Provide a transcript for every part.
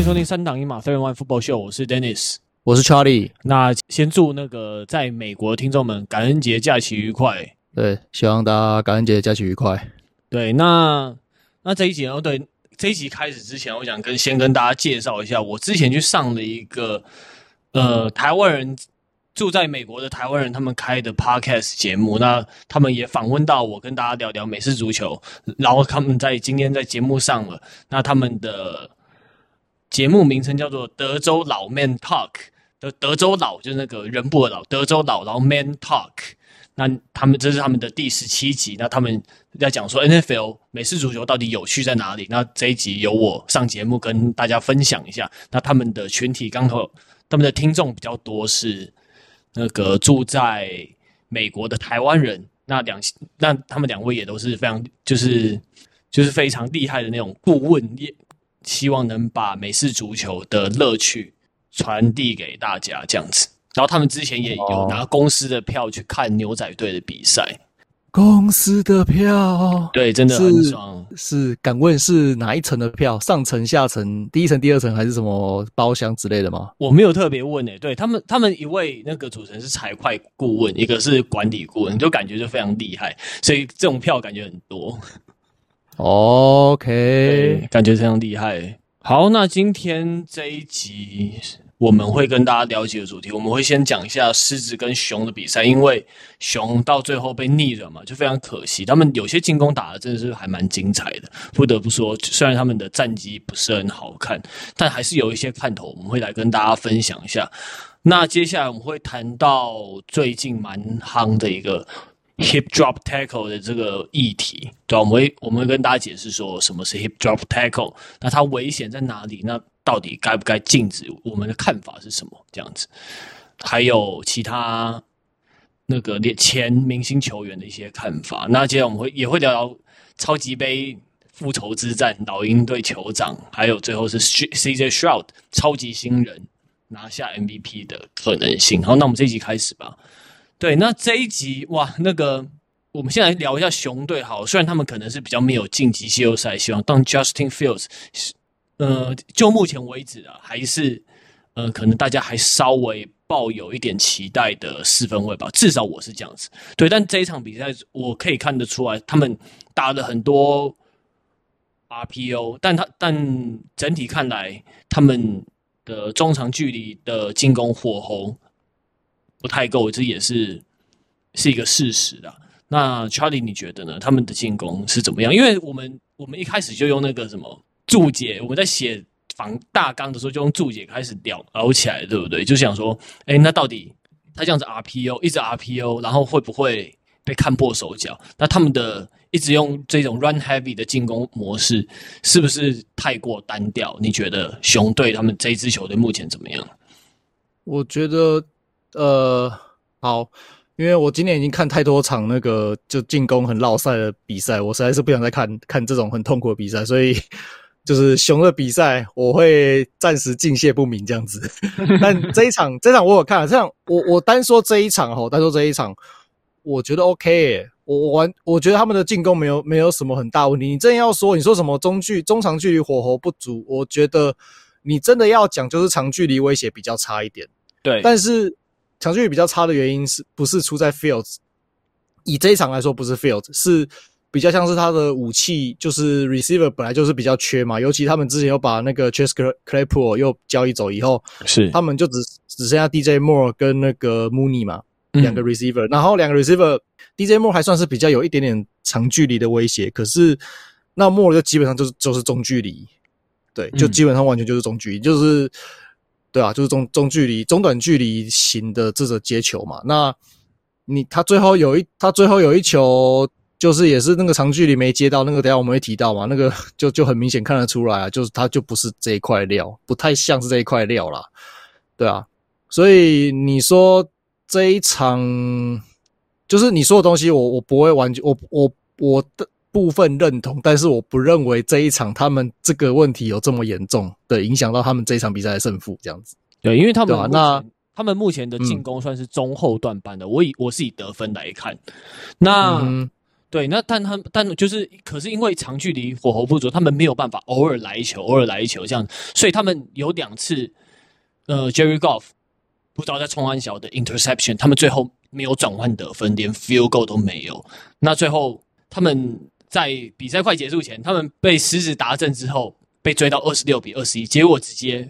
歡迎收聽《三檔英馬三萬》football show，我是 Dennis，我是 Charlie。那先祝那個在美國的聽眾們感恩節假期愉快。對，希望大家感恩節假期愉快。對，那那這一集哦，對，這一集開始之前，我想跟先跟大家介紹一下，我之前去上的一個呃台灣人住在美國的台灣人他們開的 podcast 節目。那他們也訪問到我，跟大家聊聊美式足球。然後他們在今天在節目上了，那他們的。節目名稱叫做《德州老 Man Talk》。德德州老就是那個人不老，德州老，然後 Man Talk。那他們這是他們的第十七集。那他們在講說 NFL 美式足球到底有趣在哪裡？那這一集由我上節目跟大家分享一下。那他們的群體剛好，他們的聽眾比較多是那個住在美國的台灣人。那兩那他們兩位也都是非常，就是就是非常厲害的那種顧問業。希望能把美式足球的樂趣傳遞給大家，這樣子。然後他們之前也有拿公司的票去看牛仔隊的比賽，公司的票，對，真的很爽是。是，敢問是哪一層的票？上層、下層、第一層、第二層，還是什麼包廂之類的嗎？我沒有特別問誒、欸。對他們，他們一位那個組成是財會顧問，一個是管理顧問，就感覺就非常厲害，所以這種票感覺很多。OK，感覺非常厲害。好，那今天這一集我們會跟大家聊幾個主題，我們會先講一下獅子跟熊的比賽，因為熊到最後被逆轉嘛，就非常可惜。他們有些進攻打得真的是還蠻精彩的，不得不說，雖然他們的戰績不是很好看，但還是有一些看頭，我們會來跟大家分享一下。那接下來我們會談到最近蠻夯的一個。Hip Drop Tackle 的這個議題，對啊，我們會我們會跟大家解釋說什麼是 Hip Drop Tackle，那它危險在哪裡？那到底該不該禁止？我們的看法是什麼？這樣子，還有其他那個前明星球員的一些看法。那接下來我們會也會聊聊超級盃復仇之戰，老鷹隊酋長，還有最後是 CJ Shroud 超級新人拿下 MVP 的可能性。好，那我們這一集開始吧。對，那這一集哇，那個，我們先來聊一下熊隊，好。雖然他們可能是比較沒有晉級季後賽希望，但 Justin Fields，呃，就目前為止啊，還是呃，可能大家還稍微抱有一點期待的四分衛吧。至少我是這樣子。對，但這一場比賽我可以看得出來，他們打了很多 RPO，但他但整體看來，他們的中長距離的進攻火候。不太夠，這也是是一個事實啦。那 Charlie，你覺得呢？他們的進攻是怎麼樣？因為我們我們一開始就用那個什麼注解，我們在寫防大綱的時候就用注解開始聊聊起來，對不對？就想說，哎，那到底他這樣子 RPO 一直 RPO，然後會不會被看破手腳？那他們的一直用這種 Run Heavy 的進攻模式，是不是太過單調？你覺得熊隊他們這一支球隊目前怎麼樣？我覺得。呃，好，因為我今年已經看太多場那個就進攻很落賽的比賽，我實在是不想再看看這種很痛苦的比賽，所以就是熊的比賽我會暫時敬謝不敏這樣子。但這一場， 這場我有看，這樣我我單說這一場吼，單說這一場，我覺得 OK 欸，我玩我覺得他們的進攻沒有沒有什麼很大問題。你真要說你說什麼中距中長距離火候不足，我覺得你真的要講就是長距離威脅比較差一點，對，但是。長距離比較差的原因是不是出在 fields？以這一場來說，不是 fields，是比較像是他的武器就是 receiver 本來就是比較缺嘛，尤其他們之前又把那個 Chase Claypool 又交易走以後，是他們就只只剩下 DJ Moore 跟那個 Mooney 嘛，兩、嗯、個 receiver，然後兩個 receiver，DJ Moore 還算是比較有一點點長距離的威脅，可是那 Moore 就基本上就是就是中距離，對，就基本上完全就是中距離，嗯、就是。對啊，就是中中距離、中短距離型的這個接球嘛。那你他最後有一，他最後有一球，就是也是那個長距離沒接到，那個等一下我們會提到嘛。那個就就很明顯看得出來啊，就是他就不是這一塊料，不太像是這一塊料啦。對啊，所以你說這一場，就是你說的東西我，我我不會完全，我我我的。部分認同，但是我不認為這一場他們這個問題有這麼嚴重的影響到他們這一場比賽的勝負。這樣子，對，對，因為他們、啊、那他們目前的進攻算是中後段班的。嗯、我以我是以得分來看，那、嗯、對，那但他們但就是，可是因為長距離火候不足，他們沒有辦法偶爾來一球，偶爾來一球這樣子，所以他們有兩次，呃，Jerry Goff 不知道在衝安小的 interception，他們最後沒有轉換得分，連 field goal 都沒有。那最後他們。在比賽快結束前，他們被獅子打正之後，被追到二十六比二十一，結果我直接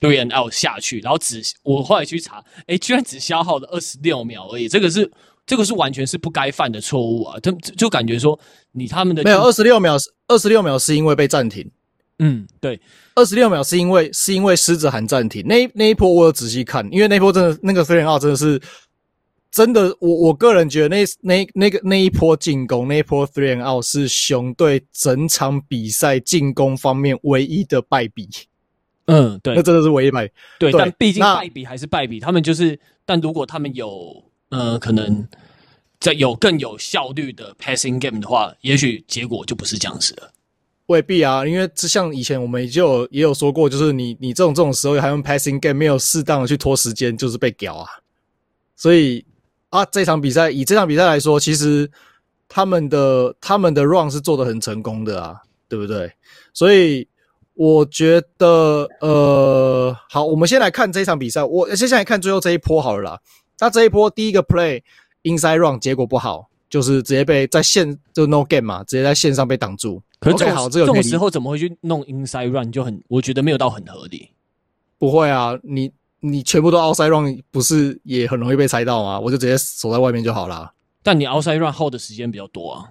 六連 L 下去，然後只我後來去查，哎，居然只消耗了二十六秒而已，這個是這個是完全是不該犯的錯誤啊！他就,就感覺說你他們的沒有二十六秒2二十六秒是因為被暫停，嗯，對，二十六秒是因為是因為獅子喊暫停，那那一波我有仔細看，因為那一波真的那個菲連號真的是。真的，我我個人覺得那那那個那一波進攻，那一波 o u 奧是熊隊整場比賽進攻方面唯一的敗筆。嗯，對，那真的是唯一敗筆。對，對但畢竟敗筆還是敗筆。那他們就是，但如果他們有呃可能在有更有效率的 passing game 的話，也許結果就不是這樣子了。未必啊，因為像以前我們就也有說過，就是你你這種這種時候還用 passing game，沒有適當的去拖時間，就是被屌啊。所以。啊，這場比賽以這場比賽來說，其實他們的他們的 run 是做得很成功的啊，對不對？所以我覺得，呃，好，我們先來看這場比賽，我先來看最後這一波好了啦。那這一波第一個 play inside run 結果不好，就是直接被在線就 no game 嘛，直接在線上被擋住。可是最、okay，好這個時候怎麼會去弄 inside run 就很，我覺得沒有到很合理。不會啊，你。你全部都 outside run 不是也很容易被猜到嗎？我就直接守在外面就好啦。但你 outside run 後的時間比較多啊。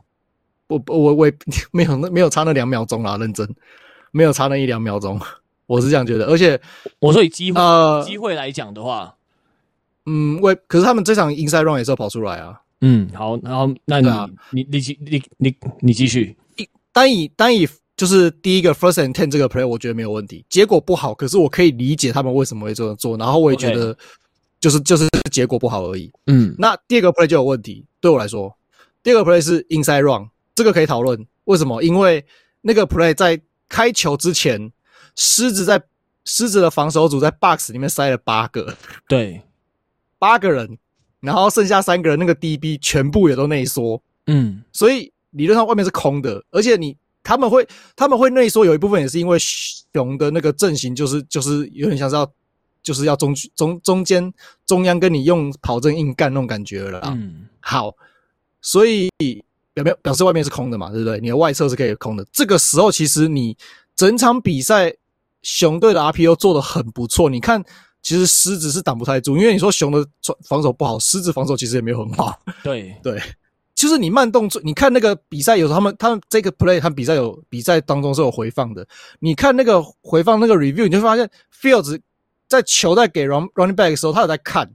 我我我也沒有沒有差那兩秒鐘啦，認真，沒有差那一兩秒鐘， 我是這樣覺得。而且我說以機呃機會來講的話，嗯，我可是他們這場 inside run 也是要跑出來啊。嗯，好，然後那你、啊、你你繼你你你繼續一單以單以。單以就是第一個 first and ten 這個 play 我覺得沒有問題，結果不好，可是我可以理解他們為什麼會這樣做。然後我也覺得，就是就是結果不好而已。嗯，那第二個 play 就有問題。對我來說，第二個 play 是 inside run，這個可以討論。為什麼？因為那個 play 在開球之前，獅子在獅子的防守組在 box 裡面塞了八個，對，八個人，然後剩下三個人，那個 DB 全部也都內縮，嗯，所以理論上外面是空的，而且你。他們會他們會內縮，有一部分也是因為熊的那個陣型，就是就是有點像是要就是要中中中間中央跟你用跑陣硬幹那種感覺了，嗯，好，所以表表表示外面是空的嘛，對不對？你的外側是可以空的。這個時候其實你整場比賽熊隊的 RPO 做得很不錯，你看其實獅子是擋不太住，因為你說熊的防守不好，獅子防守其實也沒有很好，對對。對就是你慢動作，你看那個比賽，有時候他們他們這個 play，他們比賽有比賽當中是有回放的。你看那個回放那個 review，你就發現 Fields 在球在給 Running Running Back 的時候，他有在看，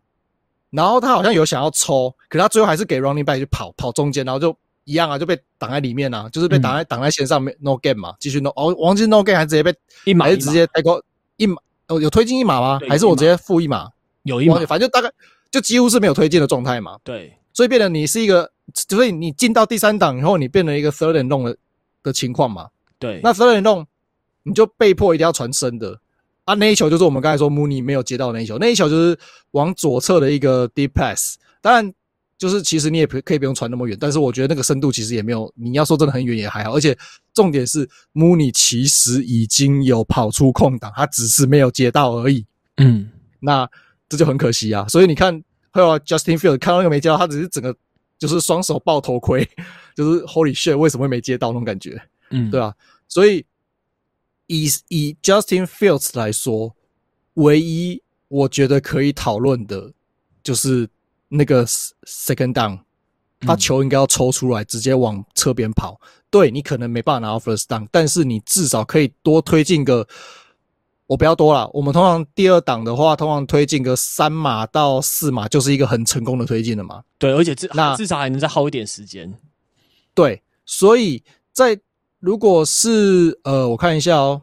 然後他好像有想要抽，可是他最後還是給 Running Back 就跑跑中間，然後就一樣啊，就被擋在裡面啊，就是被擋在擋、嗯、在線上面 No Game 嘛，繼續 No。哦，王金 No Game 還直接被一碼，還是直接抬過一碼？哦，有推進一碼嗎？馬還是我直接負一碼？有一碼，反正就大概就幾乎是沒有推進的狀態嘛。對。所以變得你是一個，所以你進到第三檔以後，你變成一個 third and long 的情況嘛？對，那 third and long，你就被迫一定要傳深的啊！那一球就是我們剛才說 Mooney 沒有接到的那一球，那一球就是往左側的一個 deep pass。當然，就是其實你也可以可以不用傳那麼遠，但是我覺得那個深度其實也沒有，你要說真的很遠也還好。而且重點是，Mooney 其實已經有跑出空檔，他只是沒有接到而已。嗯，那這就很可惜啊！所以你看。會有、hey, Justin Fields 看到那個沒接到，他只是整個就是雙手抱頭盔，就是 Holy shit，為什麼會沒接到那種感覺？嗯，對吧、啊？所以以以 Justin Fields 來說，唯一我覺得可以討論的就是那個 second down，他球應該要抽出來，直接往側邊跑。嗯、對，你可能沒辦法拿到 first down，但是你至少可以多推進個。我不要多了，我們通常第二檔的話，通常推進個三碼到四碼就是一個很成功的推進了嘛。對，而且至那至少還能再耗一點時間。對，所以在如果是呃，我看一下哦、喔，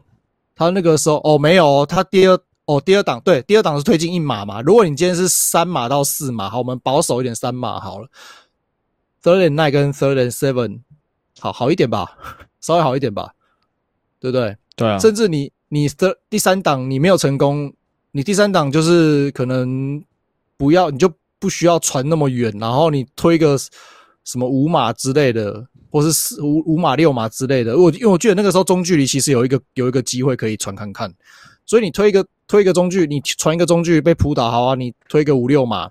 他那個時候哦沒有哦，他第二哦第二檔對，第二檔是推進一碼嘛。如果你今天是三碼到四碼，好，我們保守一點，三碼好了。Third and nine 跟 Third and seven，好好一點吧，稍微好一點吧，對不對？對啊，甚至你。你的第三檔你沒有成功，你第三檔就是可能不要，你就不需要傳那麼遠，然後你推個什麼五碼之類的，或是四五五碼六碼之類的。我因為我覺得那個時候中距離其實有一個有一個機會可以傳看看，所以你推一個推一個中距，你傳一個中距被撲倒，好啊，你推一個五六碼，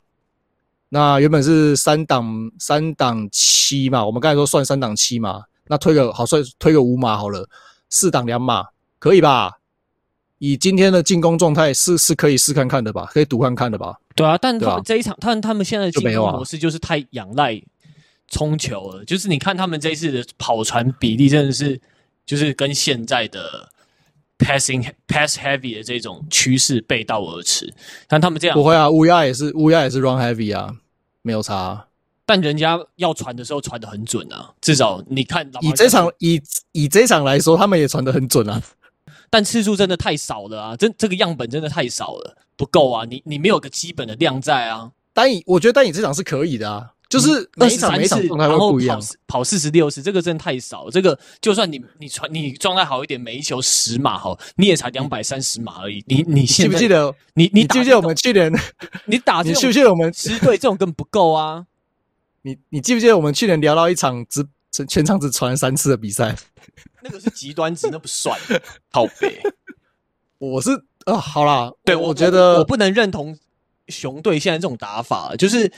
那原本是三檔三檔七碼，我們剛才說算三檔七碼，那推個好算推個五碼好了，四檔兩碼，可以吧？以今天的進攻狀態是是可以試看看的吧，可以賭看看的吧。對啊，但他們這一場，對吧？但他們現在進攻模式就是太仰賴衝球了，就，啊、就是你看他們這一次的跑傳比例真的是，就是跟現在的 passing pass heavy 的這種趨勢背道而馳。但他們這樣不會啊，烏鴉也是烏鴉也是 run heavy 啊，沒有差、啊。但人家要傳的時候傳的很準啊，至少你看老以這場以以這場來說，他們也傳的很準啊。.但次數真的太少了啊！真這個樣本真的太少了，不夠啊！你你沒有個基本的量在啊！單以我覺得單以這場是可以的啊，嗯、就是每，一每一場每場狀態會不一樣、啊，跑四十六次，這個真的太少了。這個就算你你傳你狀態好一點，每一球十碼哈,你也才兩百三十碼而已。嗯、你你，你記不記得？你你、那個、你記不記得我們去年？你打 你記不記得我們獅隊 這種根本不夠啊！你你記不記得我們去年聊到一場直？全全場只傳了三次的比賽，那個是極端值，那不算。好悲 北。我是呃、啊，好啦，對我,我覺得我不能認同熊隊現在這種打法，就是，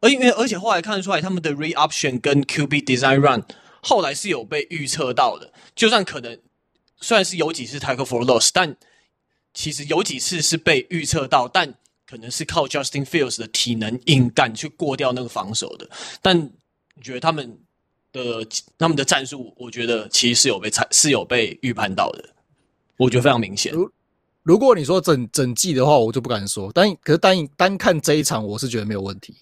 而因為而且後來看得出來，他們的 reoption 跟 QB design run 後來是有被預測到的。就算可能雖然是有幾次 tackle for loss，但其實有幾次是被預測到，但可能是靠 Justin Fields 的體能硬幹去過掉那個防守的。但你覺得他們？的他們的戰術，我覺得其實是有被猜，是有被預判到的。我覺得非常明顯。如如果你說整整季的話，我就不敢說。但可是單以單看這一場，我是覺得沒有問題。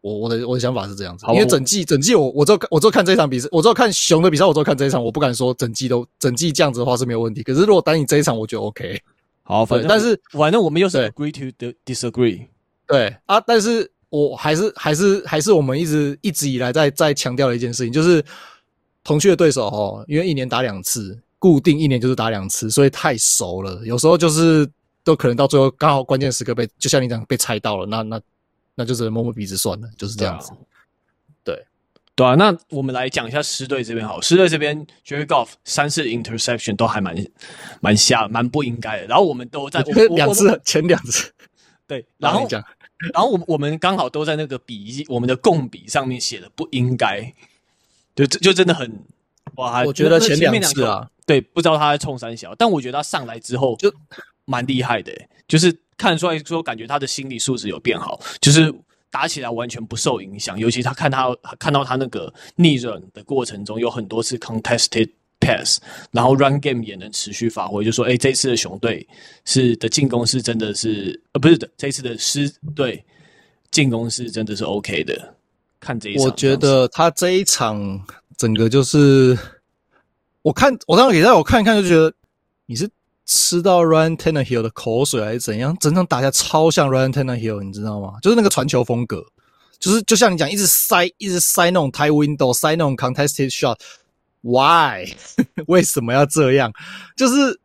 我我的我的想法是這樣子，好吧，因為整季整季我我只我只看這一場比賽，我只看熊的比賽，我只看這一場，我不敢說整季都整季這樣子的話是沒有問題。可是如果單以這一場，我覺得 OK 好、啊。好對，反正但是反正我們又是 agree to disagree。對，對啊，但是。我、哦、還是還是還是我們一直一直以來在在強調的一件事情，就是同區的對手哦，因為一年打兩次，固定一年就是打兩次，所以太熟了，有時候就是都可能到最後剛好關鍵時刻被，就像你講被猜到了，那那那就是摸摸鼻子算了，就是這樣子。啊、對，對啊。那我們來講一下獅隊這邊好，獅隊這邊 Jared Goff 三次 interception 都還蠻蠻瞎，蠻不應該的。然後我們都在兩次前兩次，次對，然後。然後你講。然後我我們剛好都在那個筆記，我們的共筆上面寫的不應該，就就真的很哇！我覺得前兩次啊，對，不知道他在衝三小，但我覺得他上來之後就蠻厲害的，就是看出來說感覺他的心理素質有變好，就是打起來完全不受影響，尤其他看他看到他那個逆轉的過程中，有很多次 contested。pass，然後 run game 也能持續發揮，就說，哎、欸，這次的熊隊是的進攻是真的是，呃，不是的，這次的獅隊進攻是真的是 OK 的。看這一場，我覺得他這一場整個就是我，我看我當時也在我看一看，就覺得你是吃到 run Tannehill 的口水還是怎樣？整整打下超像 run Tannehill，你知道嗎？就是那個傳球風格，就是就像你講，一直塞，一直塞那種 tight window，塞那種 contested shot。Why？ 為什麼要這樣？就是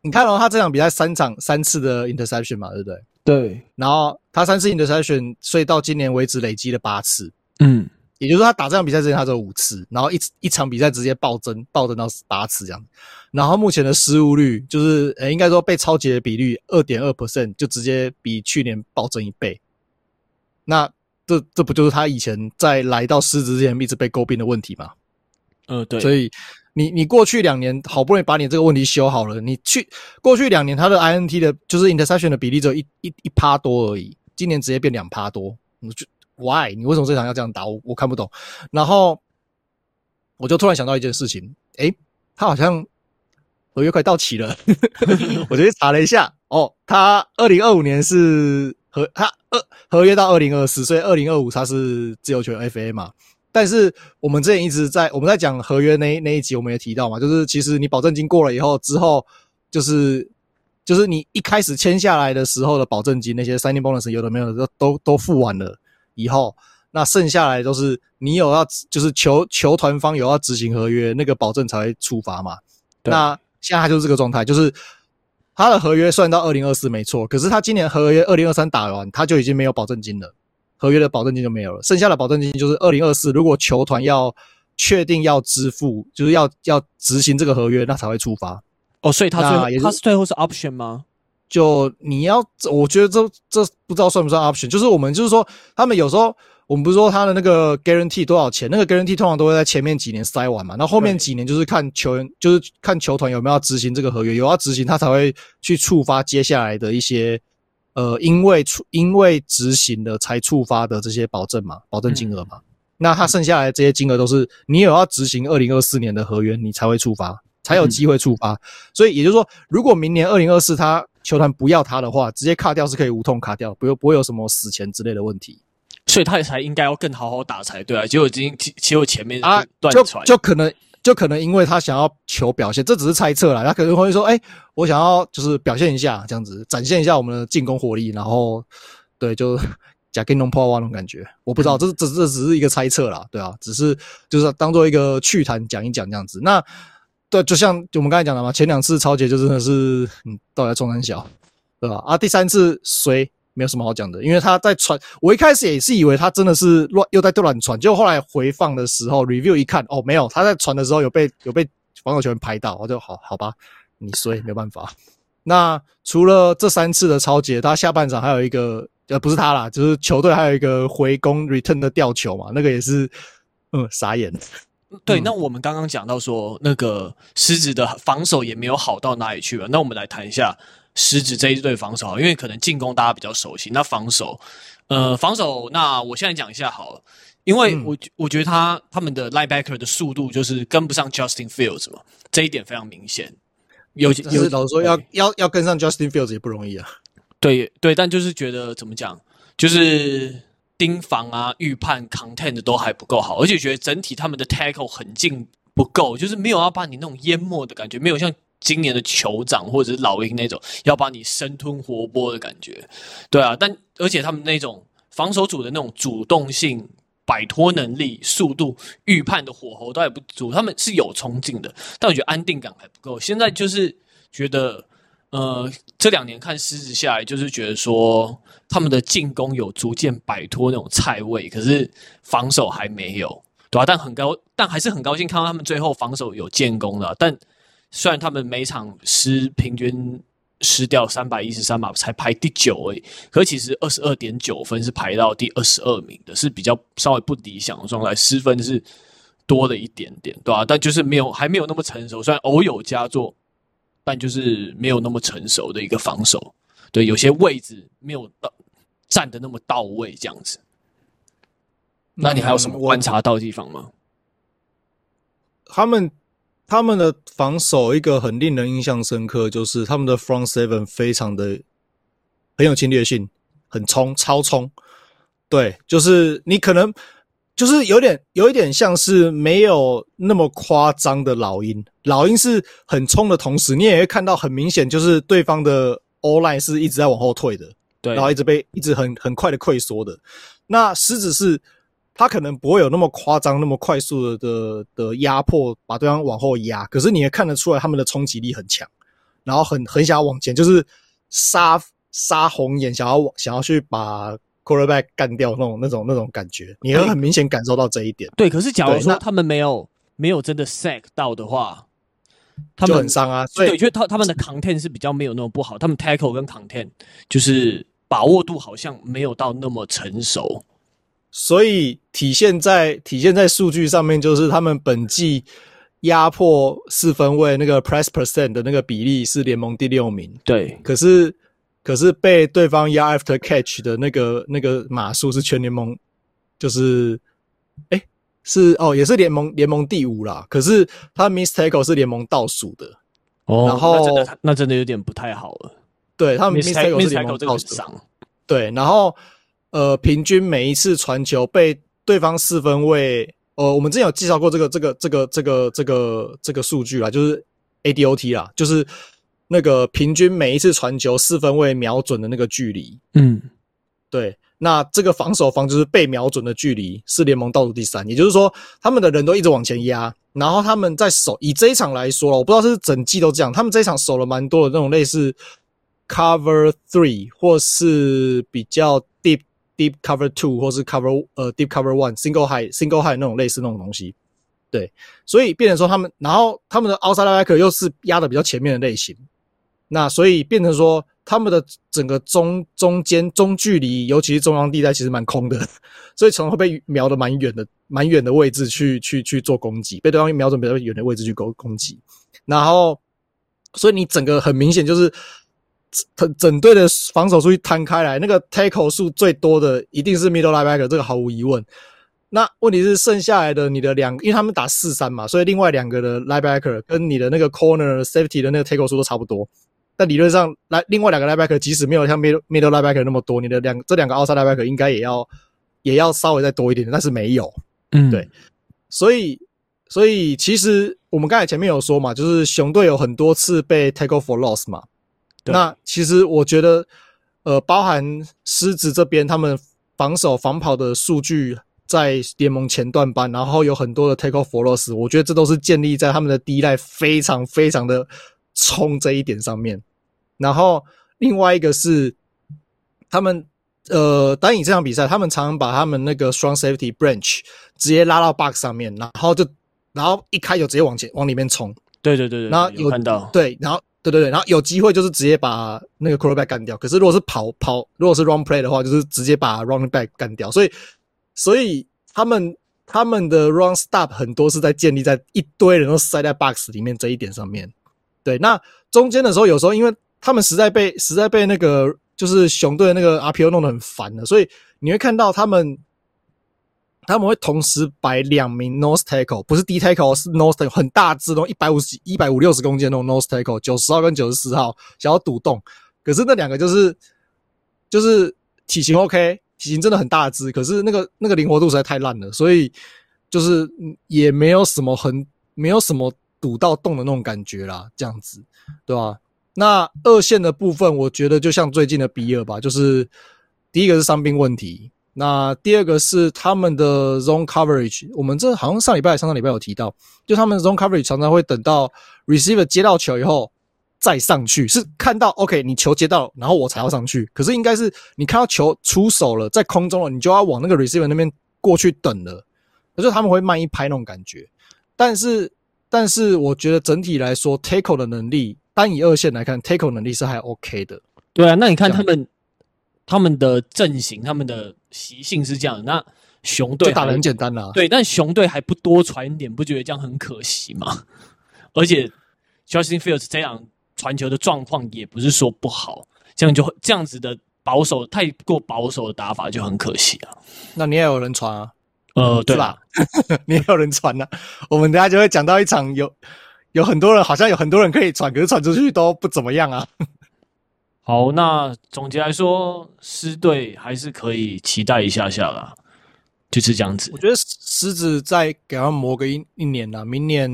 你看哦、喔，他這場比賽三場三次的 interception 嘛，對不對？對。然後他三次 interception，所以到今年為止累積了八次。嗯。也就是說，他打這場比賽之前他只有五次，然後一一場比賽直接暴增，暴增到八次這樣。然後目前的失誤率就是，呃、欸，應該說被抄截的比率二點二 percent，就直接比去年暴增一倍。那這這不就是他以前在來到獅子之前一直被詬病的問題嗎？呃，嗯、對，所以你你過去兩年好不容易把你這個問題修好了，你去過去兩年他的 INT 的，就是 interception 的比例只有一一一趴多而已，今年直接變兩趴多，我就 why 你為什麼這場要這樣打我，我我看不懂。然後我就突然想到一件事情，誒、欸，他好像合約快到期了， 我就去查了一下，哦，他二零二五年是合他二合，合約到二零二四，所以二零二五他是自由球員 FA 嘛。但是我們之前一直在我們在講合約那那一集，我們也提到嘛，就是其實你保證金過了以後，之後就是就是你一開始簽下來的時候的保證金，那些 signing bonus 有的沒有的都都都付完了以後，那剩下來都是你有要就是球球團方有要執行合約，那個保證才會觸發嘛。對 那現在他就是這個狀態，就是他的合約算到二零二四沒錯，可是他今年合約二零二三打完，他就已經沒有保證金了。合約的保證金就沒有了，剩下的保證金就是二零二四，如果球團要確定要支付，就是要要執行這個合約，那才會觸發。哦，所以他最後也是他是最後是 option 嗎？就你要，我覺得這這不知道算不算 option，就是我們就是說，他們有時候我們不是說他的那個 guarantee 多少錢，那個 guarantee 通常都會在前面幾年塞完嘛，那後，後面幾年就是看球員，對就是看球團有沒有要執行這個合約，有要執行，他才會去觸發接下來的一些。呃，因為因為執行的才觸發的這些保證嘛，保證金額嘛。嗯、那他剩下來這些金額都是你有要執行二零二四年的合約，你才會觸發，才有機會觸發。嗯、所以也就是說，如果明年二零二四他球團不要他的話，直接卡掉是可以無痛卡掉，不用不會有什麼死錢之類的問題。所以他才應該要更好好打才對啊！結果已經，結果前面斷穿，啊，對，就可能。就可能因為他想要求表現，這只是猜測啦，他可能會說：“哎，我想要就是表現一下，這樣子展現一下我們的進攻火力。”然後，對，就假給弄破壞那種感覺，我不知道，這這這只是一個猜測啦，對啊，只是就是當做一個趣談講一講這樣子。那對，就像就我們剛才講的嘛，前兩次超級就真的是嗯，到底衝三小，對吧？啊，第三次誰？沒有什麼好講的，因為他在傳。我一開始也是以為他真的是亂，又在亂傳。就後來回放的時候，review 一看，哦，沒有，他在傳的時候有被有被防守球員拍到。我就好，好吧，你衰，沒有辦法。那除了這三次的抄截，他下半場還有一個，呃，不是他啦，就是球隊還有一個回攻 return 的吊球嘛，那個也是，嗯，傻眼。對，嗯、那我們剛剛講到說，那個獅子的防守也沒有好到哪裡去了，那我們來談一下。獅隊這一隊防守好，因為可能進攻大家比較熟悉，那防守，呃，防守那我現在講一下好了，因為我我覺得他他們的 linebacker 的速度就是跟不上 Justin Fields 嘛，這一點非常明顯，有有老實說要要要跟上 Justin Fields 也不容易啊。對對，對，對，但就是覺得怎麼講，就是盯防啊、預判、content 都還不夠好，而且覺得整體他們的 tackle 很近不夠，就是沒有要把你那種淹沒的感覺，沒有像。今年的酋長或者是老鷹那種要把你生吞活剝的感覺，對啊，但而且他們那種防守組的那種主動性、擺脫能力、速度、預判的火候都還不足，他們是有衝勁的，但我覺得安定感還不夠。現在就是覺得，呃，這兩年看獅子下來，就是覺得說他們的進攻有逐漸擺脫那種菜味，可是防守還沒有，對啊？但很高，但還是很高興看到他們最後防守有建功了，但。雖然他們每場失平均失掉三百一十三碼，才排第九而已，可是其實二十二點九分是排到第二十二名的，是比較稍微不理想的狀態，來，失分是多了一點點，對吧、啊？但就是沒有，還沒有那麼成熟，雖然偶有佳作，但就是沒有那麼成熟的一個防守，對，有些位置沒有到站的那麼到位，這樣子。那你還有什麼觀察到的地方嗎？他們。他們的防守一個很令人印象深刻，就是他們的 front seven 非常的很有侵略性，很衝，超衝。對，就是你可能就是有點有一點像是沒有那麼誇張的老鷹，老鷹是很衝的同時，你也會看到很明顯，就是對方的 O line 是一直在往後退的，對，然後一直被一直很很快的潰縮的。那獅子是，他可能不會有那麼誇張、那麼快速的的的壓迫，把對方往後壓。可是你也看得出來，他們的衝擊力很強，然後很很想要往前，就是殺殺紅眼，想要往想要去把 Quarterback 幹掉那種那種那種感覺，你會很明顯感受到這一點。欸、對，可是假如說他們沒有沒有真的 Sack 到的話，他們就很傷啊。所以他他們的 Content 是比較沒有那麼不好，他們 Tackle 跟 Content 就是把握度好像沒有到那麼成熟。所以體現在體現在數據上面，就是他們本季壓迫四分衛那個 press percent 的那個比例是聯盟第六名。對，可是可是被對方壓 after catch 的那個那個碼數是全聯盟，就是誒、欸，是哦，也是聯盟聯盟第五啦。可是他 miss tackle 是聯盟倒數的。哦，然後那真的那真的有點不太好了。對，他們 miss tackle 是聯盟倒數。對，然後。呃，平均每一次傳球被對方四分衛，呃，我們之前有介紹過這個這個這個這個這個這個數據啦，就是 ADOT 啦，就是那個平均每一次傳球四分衛瞄準的那個距離。嗯，對，那這個防守方就是被瞄準的距離是聯盟倒數第三，也就是說他們的人都一直往前壓，然後他們在守，以這一場來說，我不知道是整季都這樣，他們這一場守了蠻多的那種類似 cover three 或是比較 deep。Deep cover two，或是 cover 呃、uh, deep cover one single high single high 那種類似那種東西，對，所以變成說他們，然後他們的 outside backer 又是壓的比較前面的類型，那所以變成說他們的整個中中間中距離，尤其是中央地帶其實蠻空的，所以從而會被瞄的蠻遠的蠻遠的位置去去去做攻擊，被對方瞄準比較遠的位置去攻攻擊，然後所以你整個很明顯就是。整整隊的防守數據攤開來，那個 tackle 數最多的一定是 middle linebacker，這個毫無疑問。那問題是剩下來的你的兩，因為他們打四三嘛，所以另外兩個的 linebacker 跟你的那個 corner safety 的那個 tackle 數都差不多。但理論上來，另外兩個 linebacker 即使沒有像 middle middle linebacker 那麼多，你的兩這兩個 outside linebacker 應該也要也要稍微再多一點，但是沒有，嗯，對。所以所以其實我們剛才前面有說嘛，就是熊隊有很多次被 tackle for loss 嘛。對 那其實我覺得，呃，包含獅子這邊他們防守防跑的數據在聯盟前段班，然後有很多的 tackle for loss 我覺得這都是建立在他們的 D-line 非常非常的衝這一點上面。然後另外一個是他們呃單以這場比賽，他們常常把他們那個 strong safety branch 直接拉到 box 上面，然後就然後一開就直接往前往裡面衝。對對對對，然後有看到對，然後對對對，然後有機會就是直接把那個 quarterback 幹掉。可是如果是跑跑，如果是 run play 的話，就是直接把 running back 幹掉。所以，所以他們他們的 run stop 很多是在建立在一堆人都塞在 box 裡面這一點上面。對，那中間的時候有時候因為他們實在被實在被那個就是熊隊那個 RPO 弄得很煩了，所以你會看到他們。他們會同時擺兩名 nose tackle，不是 D tackle，是 nose 很大隻的一百五十、一百五六十公斤的那種 nose tackle，九十號跟九十四號想要堵洞，可是那兩個就是就是體型 OK，體型真的很大隻，可是那個那個靈活度實在太爛了，所以就是也沒有什麼很沒有什麼堵到洞的那種感覺啦，這樣子，對吧、啊？那二線的部分，我覺得就像最近的 B 2吧，就是第一個是傷兵問題。那第二個是他們的 zone coverage，我們這好像上禮拜、上上禮拜有提到，就他們 zone coverage 常常會等到 receiver 接到球以後再上去，是看到 OK 你球接到，然後我才要上去。可是應該是你看到球出手了，在空中了，你就要往那個 receiver 那邊過去等了，就他們會慢一拍那種感覺。但是，但是我覺得整體來說，tackle 的能力單以二線來看，tackle 能力是還 OK 的。對啊，那你看他們。他們的陣型、他們的習性是這樣的。那熊隊打得很簡單啦，對，但熊隊還不多傳一點，不覺得這樣很可惜嗎？而且 Justin Fields 這樣傳球的狀況也不是說不好，這樣就這樣子的保守、太過保守的打法就很可惜啊。那你也有人傳啊？呃、對、啊、是吧？ 你也有人傳啊？我們等下就會講到一場有有很多人，好像有很多人可以傳，可是傳出去都不怎麼樣啊。好，那總結來說，獅隊還是可以期待一下下啦，就是這樣子。我覺得獅子再給他磨個一一年啦，明年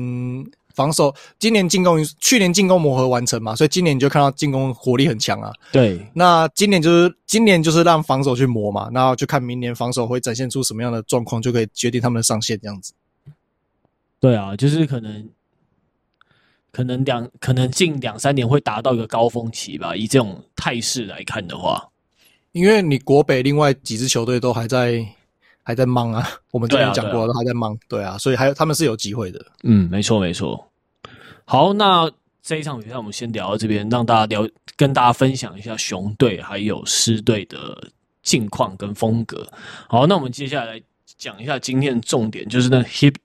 防守，今年進攻，去年進攻磨合完成嘛，所以今年你就看到進攻火力很強啊。對，那今年就是今年就是讓防守去磨嘛，然後就看明年防守會展現出什麼樣的狀況，就可以決定他們的上限這樣子。對啊，就是可能。可能兩可能近兩三年會達到一個高峰期吧，以這種態勢來看的話，因為你國北另外幾支球隊都還在還在忙啊，我們之前講過的都還在忙，對啊，對，啊對啊，所以還有他們是有機會的，嗯，沒錯沒錯。好，那這一場比賽我們先聊到這邊，讓大家聊，跟大家分享一下熊隊還有獅隊的近況跟風格。好，那我們接下來來講一下今天的重點，就是那 Hip。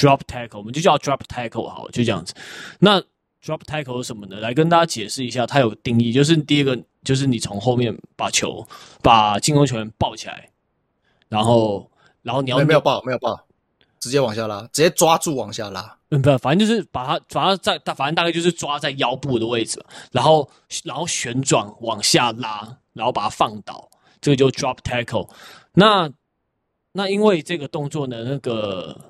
Drop tackle，我們就叫 Drop tackle，好，就這樣子。那 Drop tackle 是什麼呢？來跟大家解釋一下，它有定義，就是第一個，就是你從後面把球，把進攻球員抱起來，然後，然後你要沒有，沒有抱，沒有抱，直接往下拉，直接抓住往下拉，嗯，不要，反正就是把它，反正在，反正大概就是抓在腰部的位置，然後，然後旋轉往下拉，然後把它放倒，這個叫 Drop tackle。那，那因為這個動作呢，那個。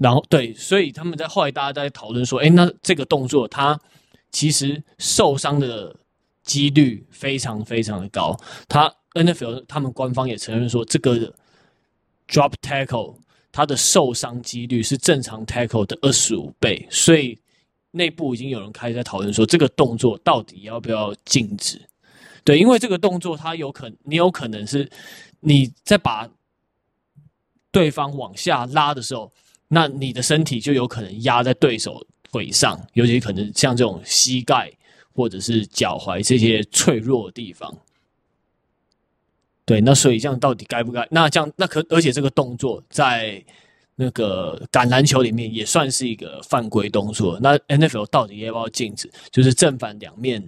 然後對，所以他們在後來大家在討論說，誒，那這個動作它其實受傷的幾率非常非常的高。他 NFL 他們官方也承認說，這個 drop tackle 它的受傷幾率是正常 tackle 的25倍。所以內部已經有人開始在討論說，這個動作到底要不要禁止？對，因為這個動作它有可，你有可能是你在把對方往下拉的時候。那你的身體就有可能壓在對手腿上，尤其可能像這種膝蓋或者是腳踝這些脆弱的地方。對，那所以這樣到底該不該？那這樣那可而且這個動作在那個橄欖球裡面也算是一個犯規動作。那 N.F.L 到底要不要禁止？就是正反兩面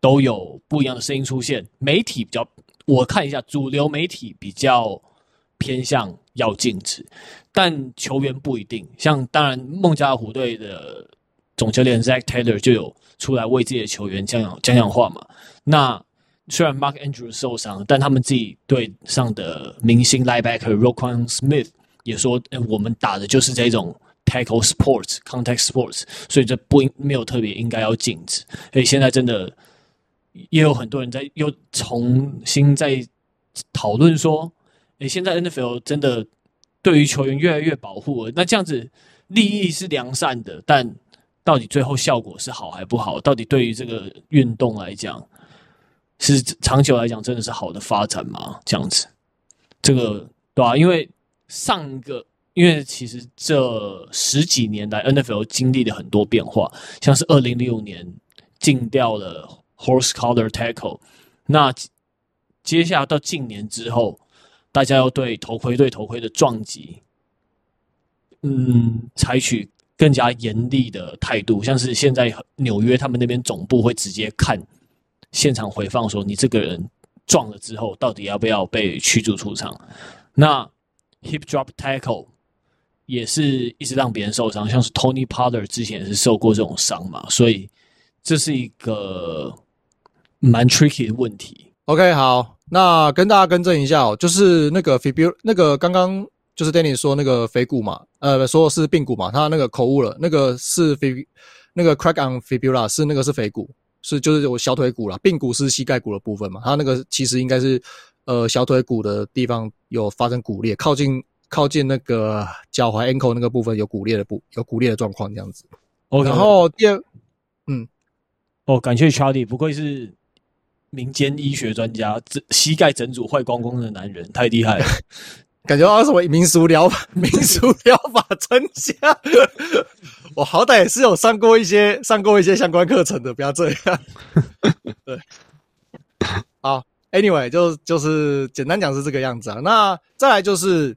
都有不一樣的聲音出現，媒體比較，我看一下主流媒體比較。偏向要禁止，但球員不一定。像當然，孟加拉虎隊的總教練 Zack Taylor 就有出來為自己的球員講講講講話嘛。那雖然 Mark Andrews 受傷，但他們自己隊上的明星 Linebacker、Roquan Smith 也說，欸：“我們打的就是這種 Tackle Sports、Contact Sports，所以這不應沒有特別應該要禁止。”所以現在真的也有很多人在又重新在討論說。誒，現在 N F L 真的對於球員越來越保護了。那這樣子利益是良善的，但到底最後效果是好還不好？到底對於這個運動來講，是長久來講真的是好的發展嗎？這樣子，這個、嗯、對吧、啊？因為上一個，因為其實這十幾年來 N F L 經歷了很多變化，像是二零零五年禁掉了 horse collar tackle，那接下來到近年之後。大家要對頭盔、對頭盔的撞擊，嗯，採取更加嚴厲的態度。像是現在紐約他們那邊總部會直接看現場回放，說你這個人撞了之後，到底要不要被驅逐出場？那 hip drop tackle 也是一直讓別人受傷，像是 Tony Pollard 之前也是受過這種傷嘛，所以這是一個蠻 tricky 的問題。OK，好。那跟大家更正一下哦，就是那個 fibula，那個剛剛就是 Danny 說那個腓骨嘛，呃，說的是髕骨嘛，他那個口誤了，那個是腓，那個 crack on fibula 是那個是腓骨，是就是我小腿骨了，髕骨是膝蓋骨的部分嘛，他那個其實應該是，呃，小腿骨的地方有發生骨裂，靠近靠近那個腳踝 ankle 那個部分有骨裂的部有骨裂的狀況這樣子。哦，Okay. 然後第二，嗯，哦，oh, 感謝 Charlie，不愧是。民間醫學專家、整膝蓋整組壞光光的男人，太厲害了，感覺到什麼民俗療法？ 民俗療法專家？ 我好歹也是有上過一些、上過一些相關課程的，不要這樣。 對，好，Anyway，就就是簡單講是這個樣子啊。那再來就是，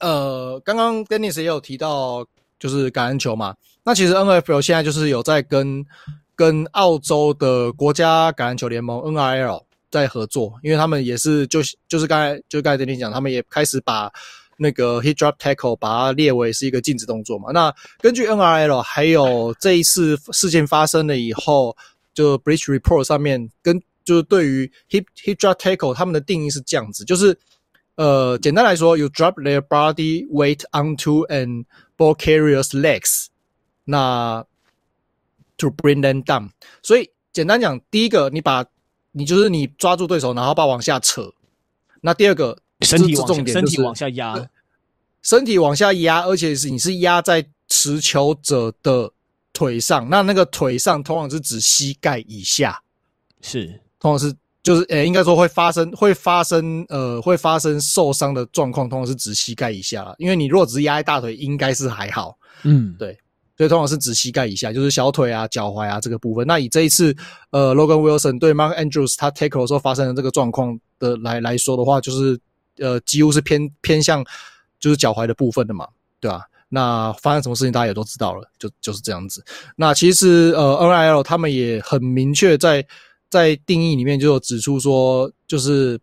呃，剛剛 Dennis 也有提到，就是橄欖球嘛。那其實 NFL 現在就是有在跟。跟澳洲的國家橄欖球聯盟 NRL 在合作，因為他們也是就就是剛才就剛才跟你講，他們也開始把那個 hip drop tackle 把它列為是一個禁止動作嘛。那根據 NRL 還有這一次事件發生了以後，就 Bleacher Report 上面跟就是對於 hip hip drop tackle 他們的定義是這樣子，就是呃簡單來說，you drop their body weight onto an ball carrier's legs，那。To bring them down，所以簡單講，第一個，你把你就是你抓住對手，然後把他往下扯。那第二個是重點，就是身體，身體往下壓，身體往下壓，而且是你是壓在持球者的腿上。那那個腿上通常是指膝蓋以下，是通常是就是呃、欸，應該說會發生會發生呃會發生受傷的狀況，通常是指膝蓋以下啦。因為你若只是壓在大腿，應該是還好。嗯，對。所以通常是指膝蓋以下，就是小腿啊、腳踝啊這個部分。那以這一次，呃，Logan Wilson 對 Mark Andrews 他 tackle 的時候發生的這個狀況的來來說的話，就是呃，幾乎是偏偏向就是腳踝的部分的嘛，對吧、啊？那發生什麼事情大家也都知道了，就就是這樣子。那其實呃，NFL 他們也很明確在在定義裡面就指出說，就是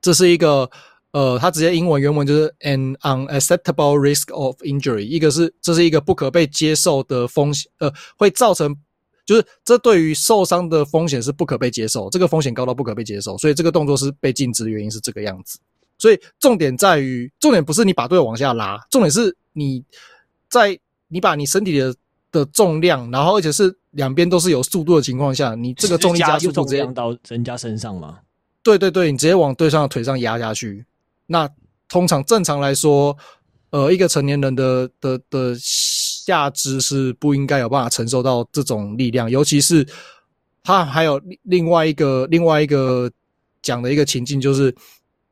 這是一個。呃，他直接英文原文就是 an unacceptable risk of injury，一個是這是一個不可被接受的風險，呃，會造成就是這對於受傷的風險是不可被接受，這個風險高到不可被接受，所以這個動作是被禁止的原因是這個樣子。所以重點在於，重點不是你把隊友往下拉，重點是你在你把你身體的的重量，然後而且是兩邊都是有速度的情況下，你這個重力加速度直接到人家身上嗎？對對對，你直接往對方的腿上壓下去。那通常正常來說，呃，一個成年人的的的的下肢是不應該有辦法承受到這種力量，尤其是他還有另外一個另外一個講的一個情境，就是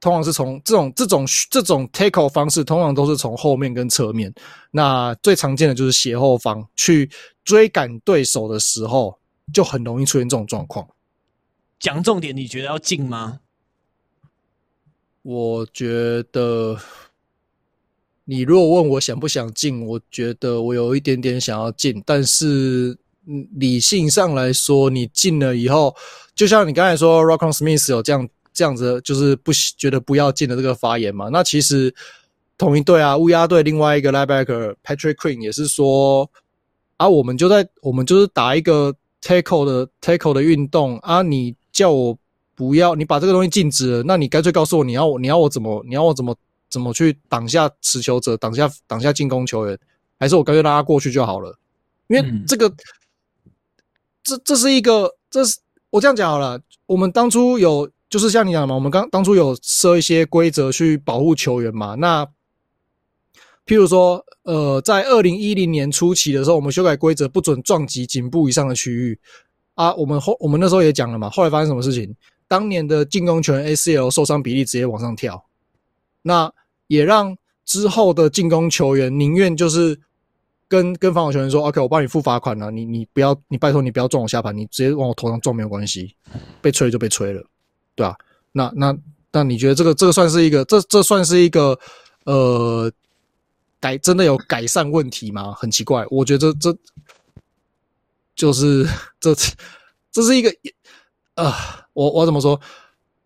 通常是從這種這種這種種 tackle 方式，通常都是從後面跟側面，那最常見的就是斜後方去追趕對手的時候，就很容易出現這種狀況。講重點，你覺得要進嗎？我覺得，你如果問我想不想進，我覺得我有一點點想要進，但是嗯，理性上來說，你進了以後，就像你剛才說，Roquan Smith 有這樣這樣子，就是不覺得不要進的這個發言嘛。那其實同一隊啊，烏鴉隊另外一個 linebacker Patrick Queen 也是說啊，我們就在我們就是打一個 tackle 的 tackle 的運動啊，你叫我。不要你把這個東西禁止了，那你乾脆告訴我，我，你要我你要我怎麼你要我怎麼怎麼去擋下持球者，擋下擋下進攻球員，還是我乾脆拉他過去就好了？因為這個，嗯、這這是一個，這是我這樣講好了。我們當初有就是像你講的嘛，我們剛當初有設一些規則去保護球員嘛。那譬如說，呃，在二零一零年初期的時候，我們修改規則，不准撞擊頸部以上的區域啊。我們後我們那時候也講了嘛，後來發生什麼事情？當年的進攻球員 ACL 受傷比例直接往上跳，那也讓之後的進攻球員寧願就是跟跟防守球員說：“OK，我幫你付罰款了啊，你你不要，你拜託你不要撞我下盤，你直接往我頭上撞沒有關係，被吹就被吹了，對吧啊？”那那那你覺得這個這個算是一個這這算是一個呃改真的有改善問題嗎？很奇怪，我覺得這這就是這這是一個。啊、uh，我我怎麼說？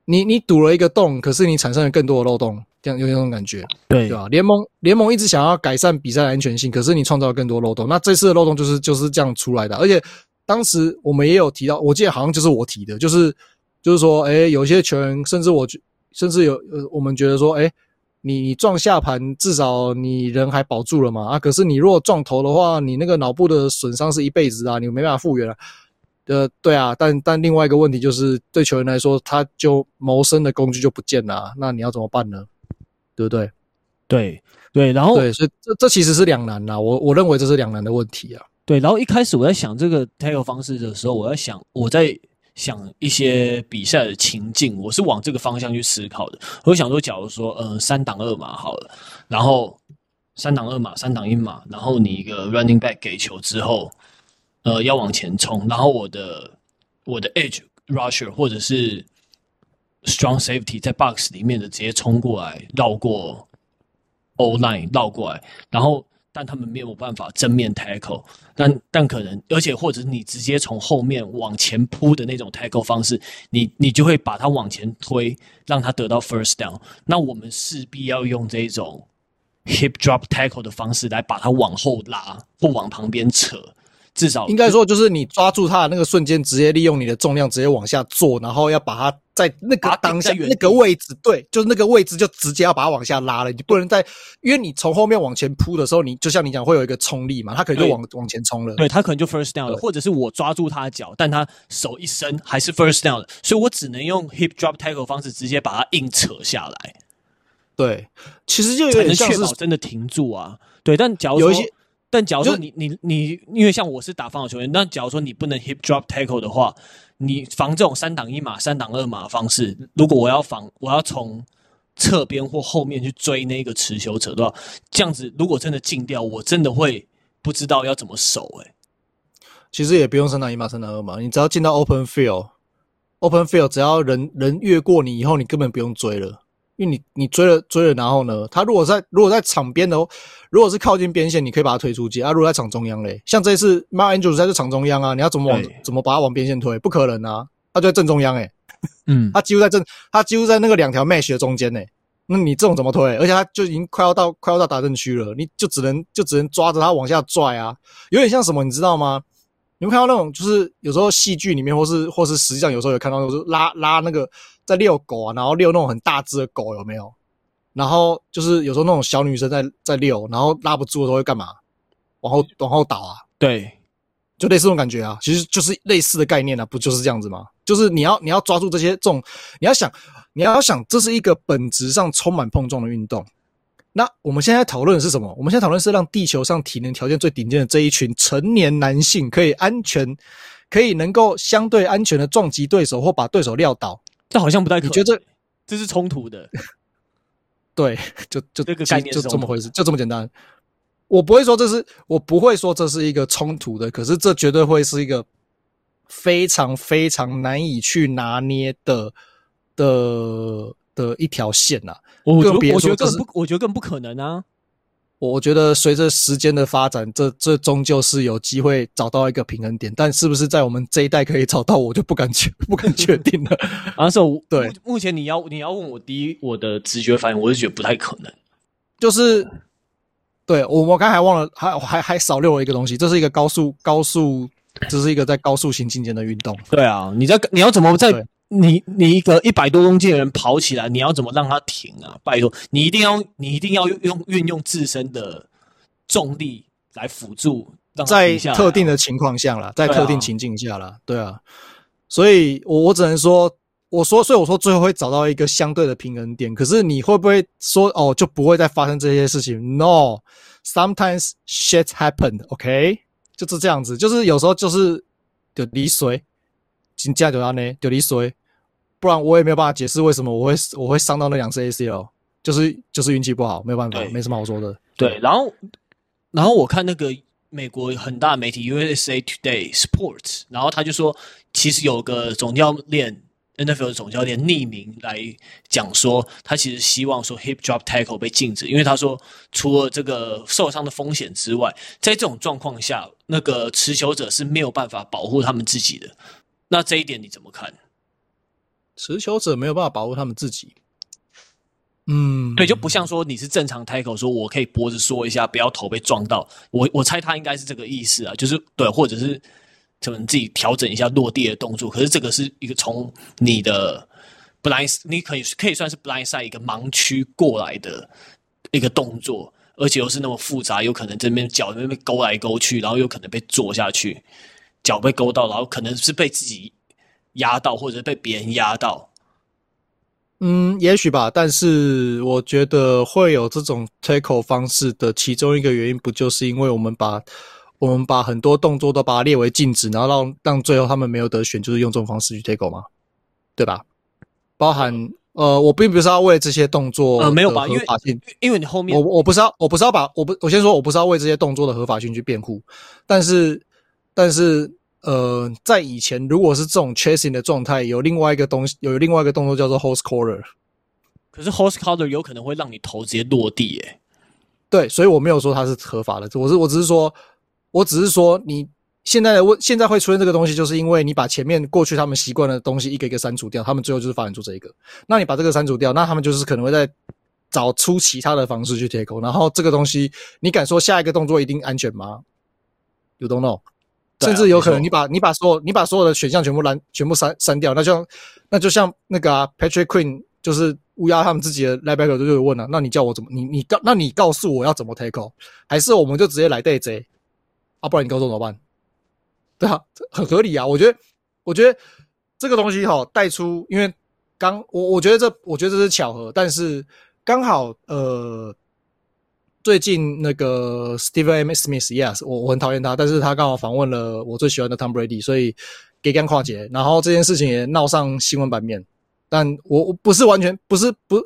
你你堵了一個洞，可是你產生了更多的漏洞，這樣有那種感覺，對對吧？聯盟聯盟一直想要改善比賽的安全性，可是你創造了更多漏洞。那這次的漏洞就是就是這樣出來的啊。而且當時我們也有提到，我記得好像就是我提的，就是就是說，哎、欸，有些球員甚至我覺，甚至有呃，我們覺得說，哎、欸，你撞下盤至少你人還保住了嘛，啊，可是你如果撞頭的話，你那個腦部的損傷是一輩子啊，你沒辦法復原了、啊。呃，對啊，但但另外一個問題就是，對球員來說，他就謀生的工具就不見了、啊，那你要怎麼辦呢？對不對？對對，然後對，所以這這其實是兩難吶、啊，我我認為這是兩難的問題啊。對，然後一開始我在想這個 tackle 方式的時候我在，我要想我在想一些比賽的情境，我是往這個方向去思考的。我想說，假如說，嗯、呃，三檔二碼好了，然後三檔二碼，三檔一碼，然後你一個 running back 給球之後。呃，要往前衝，然後我的我的 edge rusher 或者是 strong safety 在 box 裡面的直接衝過來，繞過 O-line 繞過來，然後但他們沒有辦法正面 tackle，但但可能而且或者你直接從後面往前撲的那種 tackle 方式，你你就會把他往前推，讓他得到 first down。那我們勢必要用這種 hip drop tackle 的方式來把他往後拉或往旁邊扯。至少應該說，就是你抓住他的那個瞬間，直接利用你的重量直接往下坐，然後要把他在那個當下那個位置，對，就是那個位置就直接要把他往下拉了。你不能再，因為你從後面往前撲的時候，你就像你講會有一個衝力嘛，他可能就往往前衝了，對，對他可能就 first down 了。或者是我抓住他的腳，但他手一伸還是 first down 了，所以我只能用 hip drop tackle 方式直接把他硬扯下來。對，其實就有點像是能真的停住啊。對，但假如說有一些。但假如說你就你你，因為像我是打防守球員，那假如說你不能 hip drop tackle 的話，你防這種三檔一碼、三檔二碼的方式，如果我要防，我要從側邊或後面去追那個持球者的話，這樣子如果真的禁掉，我真的會不知道要怎麼守哎、欸。其實也不用三檔一碼、三檔二碼，你只要進到 open field，open field，只要人人越過你以後，你根本不用追了。因為你你追了追了，然後呢？他如果在如果在場邊的哦，如果是靠近邊線，你可以把他推出去啊。如果在場中央嘞，像這一次 Mark Andrews 在這場中央啊，你要怎麼往對 怎麼把他往邊線推？不可能啊，他就在正中央哎、欸，嗯， 他幾乎在正，他幾乎在那個兩條 hash 的中間呢。那你這種怎麼推？而且他就已經快要到快要到達陣區了，你就只能就只能抓着他往下拽啊，有點像什麼你知道嗎？你們看到那種就是有時候戲劇裡面或是或是實際上有時候有看到，就是拉拉那個。在遛狗啊，然後遛那種很大隻的狗有沒有？然後就是有時候那種小女生在在遛，然後拉不住的時候會幹嘛？往後往後倒啊。對，就類似這種感覺啊，其實就是類似的概念啊，不就是這樣子嗎？就是你要你要抓住這些這種，你要想你要想，這是一個本質上充滿碰撞的運動。那我們現在討論是什麼？我們現在討論是讓地球上體能條件最頂尖的這一群成年男性，可以安全，可以能夠相對安全的撞擊對手或把對手撂倒。這好像不太可能。我覺得這這是衝突的。對，就就這個概念就這麼回事，就這麼簡單。我不會說這是，我不會說這是一個衝突的，可是這絕對會是一個非常非常難以去拿捏的的的一條線吶、啊。我我覺，我覺得更不，我覺得更不可能啊。我覺得隨着時間的發展，這這終究是有機會找到一個平衡點，但是不是在我們這一代可以找到，我就不敢確 不敢確定了。後是、啊，說我對我，目前你要你要問我第一，我的直覺反應，我是覺得不太可能，就是，對我我剛才忘了，還還還少留了一個東西，這是一個高速高速，對這是一個在高速行進間的運動。對啊，你在你要怎麼在？你你一個一百多公斤的人跑起來，你要怎麼讓他停啊？拜托，你一定要你一定要用用運用自身的重力來輔助讓他停下來啊，在特定的情況下啦，在特定情境下啦，對啊。對啊。所以我我只能說，我說，所以我說最後會找到一個相對的平衡點。可是你會不會說哦，就不會再發生這些事情？No，sometimes shit happened. OK，就是這樣子，就是有時候就是就離水，真正就按呢，就離水。不然我也沒有辦法解釋為什麼我會我會傷到那兩次 ACL，就是就是運氣不好，沒有辦法，對沒什麼好說的。對，對，然後然後我看那個美國很大的媒體 USA Today Sports，然後他就說，其實有個總教練 NFL 總教練匿名來講說，他其實希望說 hip drop tackle 被禁止，因為他說除了這個受傷的風險之外，在這種狀況下，那個持球者是沒有辦法保護他們自己的。那這一點你怎麼看？持球者沒有辦法保護他們自己，嗯，對，就不像說你是正常開口說，我可以脖子縮一下，不要頭被撞到。我我猜他應該是這個意思啊，就是對，或者是怎麼自己調整一下落地的動作。可是這個是一個從你的 blind，你可以可以算是 blind side 一個盲區過來的一個動作，而且又是那麼複雜，有可能這邊腳那邊勾來勾去，然後又可能被坐下去，腳被勾到，然後可能是被自己。壓到，或者被別人壓到，嗯，也許吧。但是我覺得會有這種 tackle 方式的其中一個原因，不就是因為我們把我們把很多動作都把它列為禁止，然後讓讓最後他們沒有得選，就是用這種方式去 tackle 嘛，對吧？包含呃，我並不是要為這些動作合法性呃沒有把，因為因為你後面我我不是要我不是要把我不我先說我不是要為這些動作的合法性去辯護，但是但是。呃，在以前，如果是這種 chasing 的狀態，有另外一個東西，有另外一個動作叫做 horse collar，可是 horse collar 有可能會讓你頭直接落地耶、欸。對，所以我沒有說它是合法的，我是我只是說，我只是說，你現在的問，現在會出現這個東西，就是因為你把前面過去他們習慣的東西一個一個刪除掉，他們最後就是發展出這一個。那你把這個刪除掉，那他們就是可能會再找出其他的方式去貼空。然後這個東西，你敢說下一個動作一定安全嗎？You don't know。甚至有可能你把你把所有你把所有的選項全部攔全部刪刪掉，那就像那就像那個、啊、Patrick Queen 就是烏鴉他們自己的 linebacker 就會問了、啊，那你叫我怎麼你你告那你告訴我要怎麼 take off，還是我們就直接來帶賊啊？不然你告訴我怎麼辦？對啊，很合理啊，我覺得我覺得這個東西哈帶出，因為剛我我覺得這我覺得這是巧合，但是剛好呃。最近那個 Stephen A. Smith，yes，我我很討厭他，但是他剛好訪問了我最喜歡的 Tom Brady，所以給干跨界。然後這件事情也鬧上新聞版面，但我不是完全不是不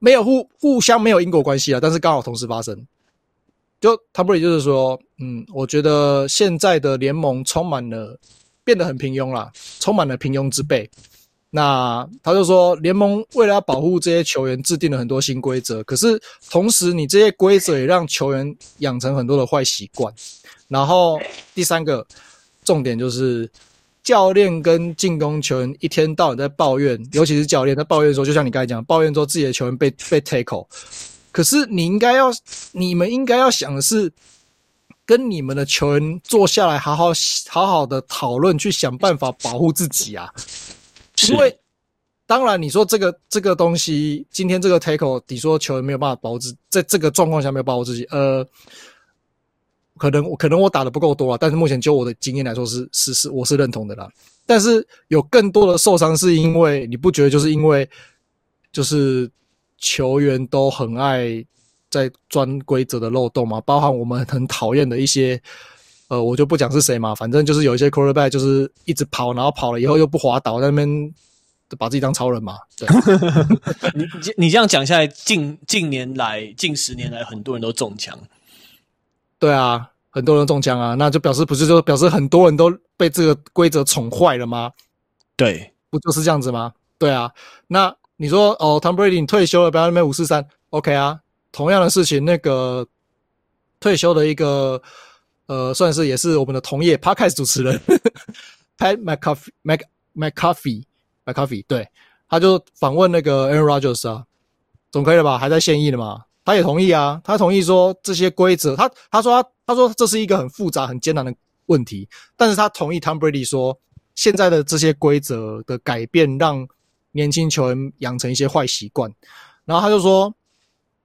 沒有互互相沒有因果關係啊，但是剛好同時發生。就 Tom Brady 就是說，嗯，我覺得現在的聯盟充滿了變得很平庸啦，充滿了平庸之輩。那他就說，聯盟為了要保護這些球員，制定了很多新規則。可是同時，你這些規則也讓球員養成很多的壞習慣。然後第三個重點就是，教練跟進攻球員一天到晚在抱怨，尤其是教練在抱怨的時候，就像你剛才講，抱怨說自己的球員被被 tackle。可是你應該要，你們應該要想的是，跟你們的球員坐下來，好好好好的討論，去想辦法保護自己啊。因為，是當然你說這個這個東西，今天這個 tackle 你說球員沒有辦法保自，在這個狀況下沒有辦法保護自己，呃，可能可能我打的不夠多啊，但是目前就我的經驗來說是，是是是，我是認同的啦。但是有更多的受傷，是因為你不覺得就是因為，就是球員都很愛在鑽規則的漏洞嗎？包含我們很討厭的一些。呃，我就不講是誰嘛，反正就是有一些 crawler back，就是一直跑，然後跑了以後又不滑倒，在那邊就把自己當超人嘛。對， 你你這樣講下來，近近年來，近十年來，很多人都中槍。對啊，很多人中槍啊，那就表示不是說表示很多人都被這個規則寵壞了嗎？對，不就是這樣子嗎？對啊，那你說哦，Tom Brady 你退休了，不要那邊五四三，OK 啊？同樣的事情，那個退休的一個。呃，算是也是我們的同業 Podcast 主持人 ，Pat McAfee， Mc，McAfee，McAfee，對，他就訪問那個 Aaron Rodgers 啊，總可以了吧？還在現役的嘛，他也同意啊，他同意說這些規則，他他說他，他說這是一個很複雜很艱難的問題，但是他同意 Tom Brady 說現在的這些規則的改變讓年輕球員養成一些壞習慣，然後他就說。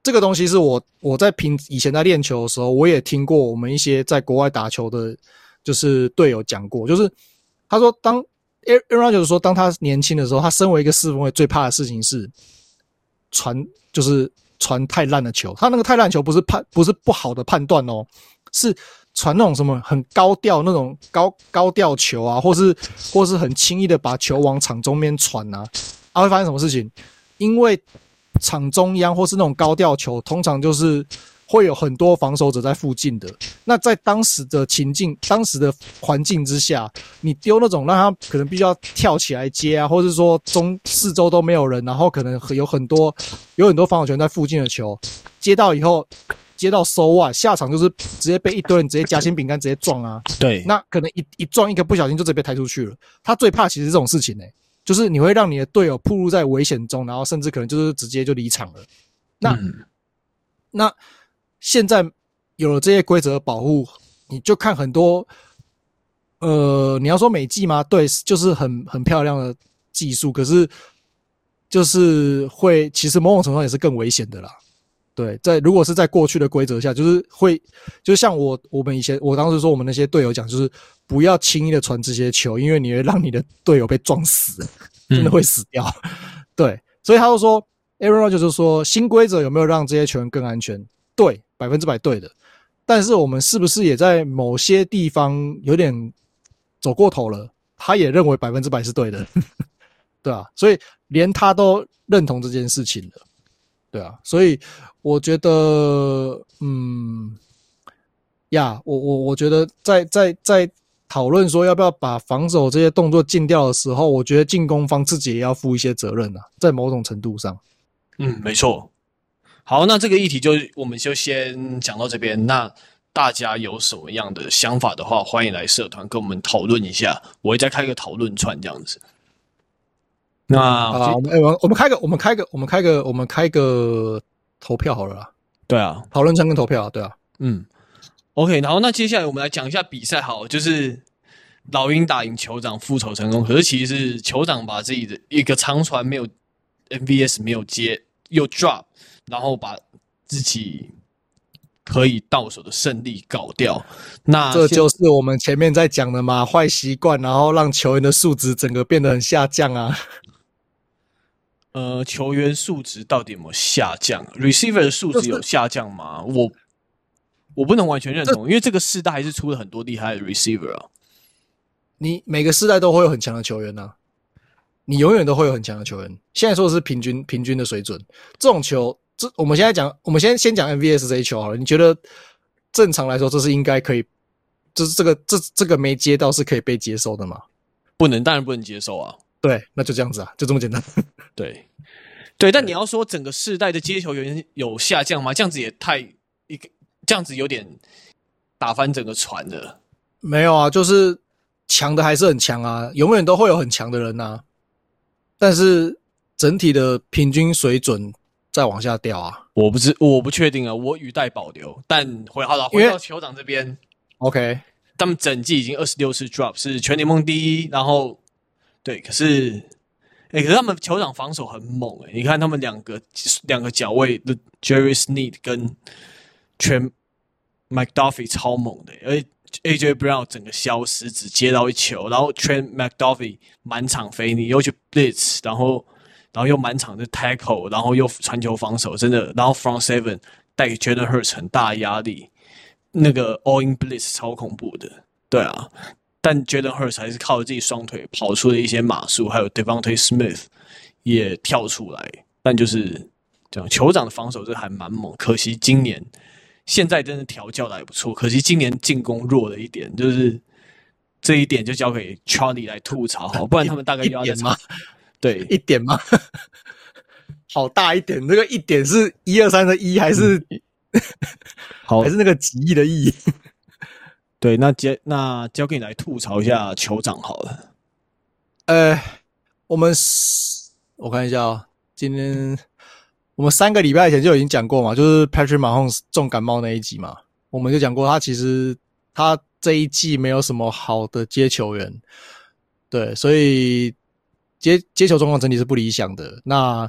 這個東西是我我在平以前在練球的時候，我也聽過我們一些在國外打球的，就是隊友講過，就是他說當 Aaron Rodgers 說當他年輕的時候，他身為一個四分衛最怕的事情是傳就是傳太爛的球，他那個太爛球不是判不是不好的判斷哦，是傳那種什麼很高調那種高高調球啊，或是或是很輕易的把球往場中間傳啊，啊，他會發生什麼事情？因為場中央或是那種高吊球，通常就是會有很多防守者在附近的。那在當時的情境，當時的環境之下，你丟那種讓他可能必須要跳起來接啊，或是說中四周都沒有人，然後可能有很多有很多防守球員，在附近的球，接到以後接到收啊，下場就是直接被一堆人直接夾心餅乾直接撞啊。對，那可能一一撞一個不小心就直接被抬出去了。他最怕其實這種事情呢，欸。就是你會讓你的隊友暴露在危險中，然後甚至可能就是直接就離場了。嗯，那。那那現在有了這些規則保護，你就看很多，呃，你要說美技嗎？對，就是很很漂亮的技術，可是就是會，其實某種程度上也是更危險的啦。對，在如果是在過去的規則下，就是會，就像我我們以前，我當時說我們那些隊友講，就是不要輕易的傳這些球，因為你會讓你的隊友被撞死，真的會死掉。嗯、對，所以他就說，Aaron 就是說，新規則有沒有讓這些球員更安全對？對，百分之百對的。但是我們是不是也在某些地方有點走過頭了？他也認為百分之百是對的， 對吧、啊？所以連他都認同這件事情了，對啊，所以。我覺得，嗯，呀、Yeah，我我我覺得在，在在在討論說要不要把防守這些動作禁掉的時候，我覺得進攻方自己也要負一些責任的、啊，在某種程度上。嗯，沒錯。好，那這個議題就我們就先講到這邊。那大家有什麼樣的想法的話，歡迎來社團跟我們討論一下。我會再開一個討論串這樣子。那好，我我們開個我們開個我們開個我們開個。投票好了啦，對啊，討論串跟投票啊，對啊，嗯，OK，然後那接下來我們來講一下比賽，好了，就是老鷹打贏酋長，復仇成功，可是其實是酋長把自己的一個長傳沒有 MVS 沒有接，又 drop，然後把自己可以到手的勝利搞掉，那這就是我們前面在講的嘛，壞習慣，然後讓球員的素質整個變得很下降啊。呃，球員素質到底有沒有下降？Receiver 的素質有下降嗎？是我我不能完全認同，是因為這個世代還是出了很多厲害的 Receiver 啊。你每個世代都會有很強的球員吶、啊，你永遠都會有很強的球員。現在說的是平均平均的水準，這種球，這我們現在講，我們先先講 NVS 這一球好了。你覺得正常來說，這是應該可以，這、就是這個這這個沒接到是可以被接受的嗎？不能，當然不能接受啊。對，那就這樣子啊，就這麼簡單。 對，對，對，但你要說整個世代的接球員有，有下降嗎？這樣子也太一個，這樣子有點打翻整個船的。沒有啊，就是強的還是很強啊，永遠都會有很強的人吶、啊。但是整體的平均水準再往下掉啊。我不知，我不確定啊，我語帶保留。但回好了，為回到酋長這邊。OK，他們整季已經二十六次 drop 是全聯盟第一，然後對，可是。哎、欸，可是他們球場防守很猛、欸，哎，你看他們兩個兩個角衛的 Jarius Sneed 跟 Trent McDuffie 超猛的，欸，而且 AJ Brown 整個消失，只接到一球，然後 Trent McDuffie 滿場飛，你又去 Blitz，然後然後又滿場的 Tackle，然後又傳球防守，真的，然後 front seven 帶給 Jalen Hurts 很大壓力，那個 All in Blitz 超恐怖的，對啊。但 Jalen Hurts 還是靠自己雙腿跑出了一些碼數，還有 DeVonta Smith 也跳出來，但就是這樣酋長的防守這還蠻猛。可惜今年現在真的調教的還不錯，可惜今年進攻弱了一點，就是這一點就交給 Charlie 來吐槽，嗯、好，不然他們大概就要一點嗎？對，一點嘛， 好大一點，那個一點是一二三的一還是、嗯、好，還是那個幾億的億？對，那接那交給你來吐槽一下酋長好了。呃、欸，我們我看一下啊、喔，今天我們三個禮拜以前就已經講過嘛，就是 Patrick Mahomes 重感冒那一集嘛，我們就講過他其實他這一季沒有什麼好的接球員，對，所以接接球狀況整體是不理想的。那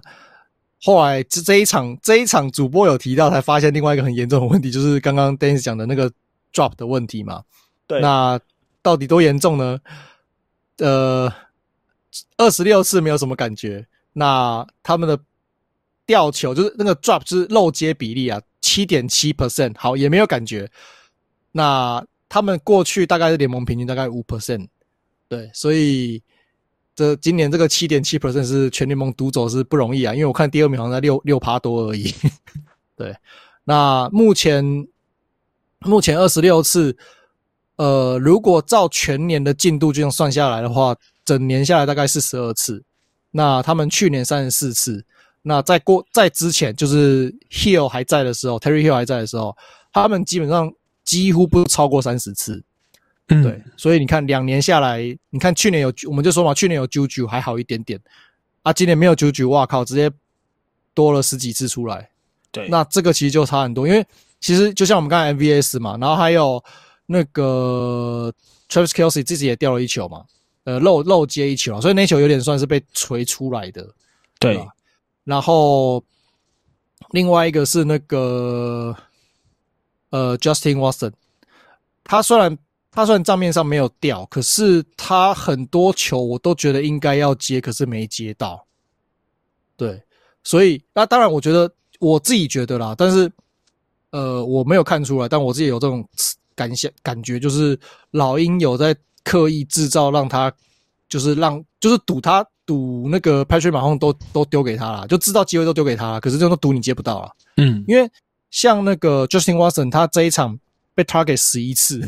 後來這這一場這一場主播有提到，才發現另外一個很嚴重的問題，就是剛剛 Dennis 講的那個。drop 的問題嘛？對，那到底多嚴重呢？呃，二十六次沒有什麼感覺。那他們的掉球就是那個 drop 是漏接比例啊，七點七 percent，好也沒有感覺。那他們過去大概是聯盟平均大概五 percent，對，所以這今年這個七點七 percent 是全聯盟獨走是不容易啊。因為我看第二名好像在六六趴多而已， 對。那目前。目前二十六次，呃，如果照全年的進度這樣算下來的話，整年下來大概是十二次。那他們去年三十四次，那在過在之前就是 Hill 還在的時候，Terry Hill 還在的時候，他們基本上幾乎不超過三十次。嗯、對，所以你看兩年下來，你看去年有我們就說嘛，去年有 JuJu 還好一點點啊，今年沒有 JuJu，u, 哇靠，直接多了十幾次出來。對，那這個其實就差很多，因為。其實就像我們剛才 MVS 嘛，然後還有那個 Travis Kelce 自己也掉了一球嘛，呃漏漏接一球，所以那球有點算是被錘出來的，對。然後另外一個是那個呃 Justin Watson，他雖然他算賬面上沒有掉，可是他很多球我都覺得應該要接，可是沒接到，對。所以那、啊、當然，我覺得我自己覺得啦，但是。呃，我沒有看出來，但我自己有這種感想，感覺，就是老鷹有在刻意製造，讓他就是讓就是賭他賭那個 Patrick 馬上都都丟給他了，就製造機會都丟給他，可是就是賭你接不到了，嗯，因為像那個 Justin Watson，他這一場被 Target 十一次，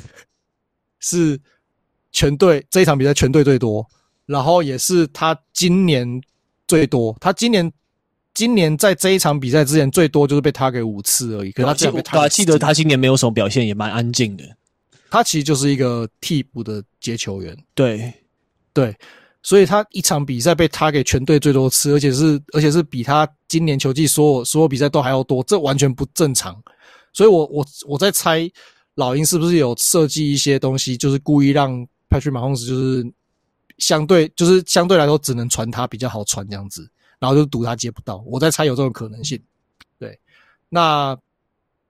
是全隊，這一場比賽全隊最多，然後也是他今年最多，他今年。今年在這一場比賽之前，最多就是被 target 五次而已。可是他這場被 target，記得他今年沒有什麼表現，也蠻安靜的。他其實就是一個替補的接球員，對對。所以他一場比賽被 target 全隊最多次，而且是而且是比他今年球季所有所有比賽都還要多，這完全不正常。所以我我我在猜，老鷹是不是有設計一些東西，就是故意讓 Patrick Mahomes，就是相對就是相對來說只能傳他比較好傳這樣子。然後就賭他接不到，我在猜有這種可能性。對，那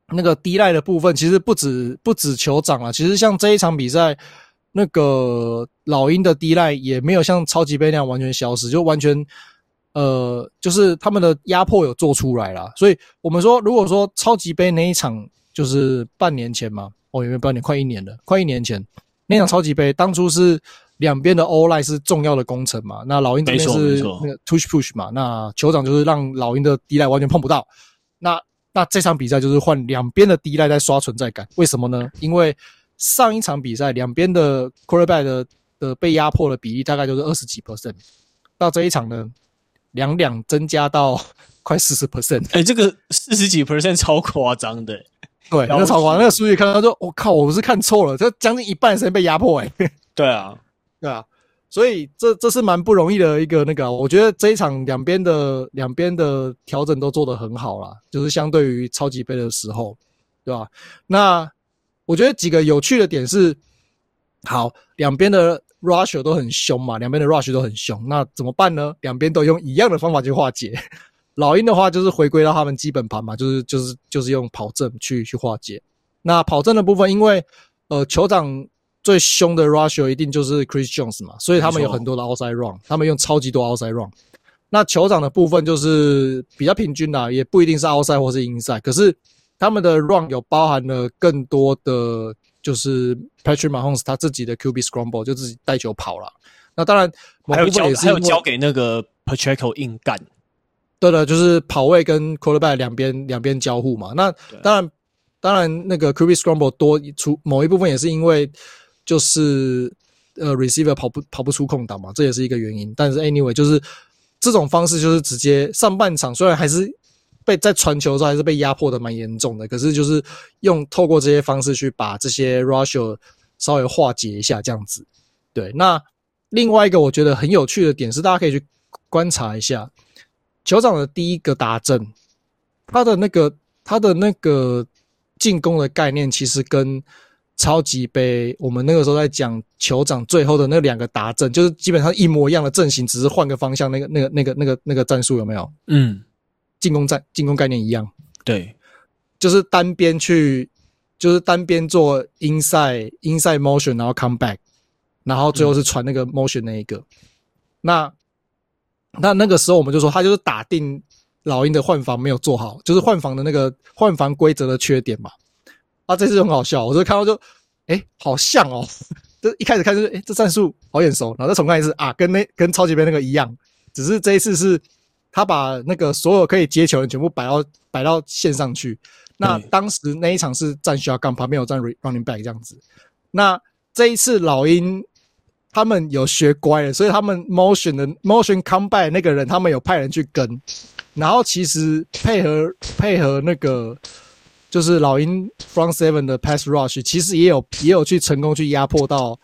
那個 D-line 的部分其實不止不止酋長啦，其實像這一場比賽，那個老鷹的 D-line 也沒有像超級盃那樣完全消失，就完全呃，就是他們的壓迫有做出來了。所以我們說，如果說超級盃那一場就是半年前嘛，哦，有沒有半年？快一年了，快一年前那場超級盃，當初是。兩邊的 O-Line 是重要的工程嘛？那老鷹肯定是那個 Tush Push 嘛？那酋長就是讓老鷹的 D-Line 完全碰不到。那那這場比賽就是換兩邊的 D-Line 在刷存在感。為什麼呢？因為上一場比賽兩邊的 quarterback 的的被壓迫的比例大概就是二十幾 percent，到這一場呢，兩兩增加到快四十 percent。哎、欸，這個四十幾 percent 超誇張的、欸。對，然後超誇張。那個數據看，到說我、哦、靠，我不是看錯了，這將近一半時間被壓迫哎、欸。對啊。對吧？啊、所以這這是蠻不容易的一個那個，我覺得這一場兩邊的兩邊的調整都做得很好了，就是相對於超級盃的時候，對吧、啊？那我覺得幾個有趣的點是，好，兩邊的 rush 都很兇嘛，兩邊的 rush 都很兇，那怎麼辦呢？兩邊都用一樣的方法去化解。老鷹的話就是回歸到他們基本盤嘛，就是就是就是用跑陣去去化解。那跑陣的部分，因為呃酋長。最凶的 rusher 一定就是 Chris Jones 嘛，所以他們有很多的 outside run，他們用超級多 outside run。那酋長的部分就是比較平均啦，也不一定是 outside 或是 inside，可是他們的 run 有包含了更多的就是 Patrick Mahomes 他自己的 QB scramble、um、就自己帶球跑了。那當然，某一部分也是要交給那個 Pacheco 硬幹，對的，就是跑位跟 Quarterback 兩邊兩邊交互嘛。那當然，當然那個 QB scramble、um、多出某一部分也是因為。就是呃，receiver 跑不跑不出空檔嘛，這也是一個原因。但是 anyway，就是這種方式就是直接上半場雖然還是被在傳球的時候，還是被壓迫的蠻嚴重的，可是就是用透過這些方式去把這些 rusher 稍微化解一下這樣子。對，那另外一個我覺得很有趣的點是，大家可以去觀察一下酋長的第一個達陣，他的那個他的那個進攻的概念其實跟。超級杯，我們那個時候在講酋長最後的那兩個達陣，就是基本上一模一樣的陣型，只是換個方向。那個、那個、那個、那個、那個戰術有沒有？嗯，進攻戰、進攻概念一樣。對，就是單邊去，就是單邊做 inside inside motion，然後 come back，然後最後是傳那個 motion 那一個。那、嗯、那那個時候我們就說，他就是打定老鷹的換防沒有做好，就是換防的那個換防規則的缺點嘛。啊，這次很好笑，我就看到就，哎，好像哦，就一開始看就是，哎，這戰術好眼熟，然後再重看一次啊，跟那跟超級盃那個一樣，只是這一次是，他把那個所有可以接球的全部擺到擺到線上去，那當時那一場是站 shotgun，旁邊有站 running back 這樣子，那這一次老鷹他們有學乖了，所以他們 motion 的 motion come back 那個人他們有派人去跟，然後其實配合配合那個。就是老鷹 front seven 的 pass rush，其實也有也有去成功去壓迫到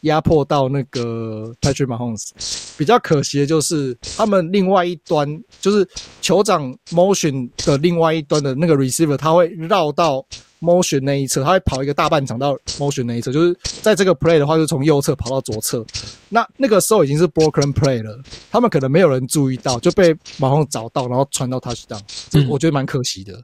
壓迫到那個 Patrick Mahomes。比較可惜的就是他們另外一端，就是酋長 motion 的另外一端的那個 receiver，他會繞到 motion 那一側，他會跑一個大半場到 motion 那一側。就是在這個 play 的話，就從右側跑到左側。那那個時候已經是 broken play 了，他們可能沒有人注意到，就被 Mahomes 找到，然後傳到 touchdown。嗯、這我覺得蠻可惜的。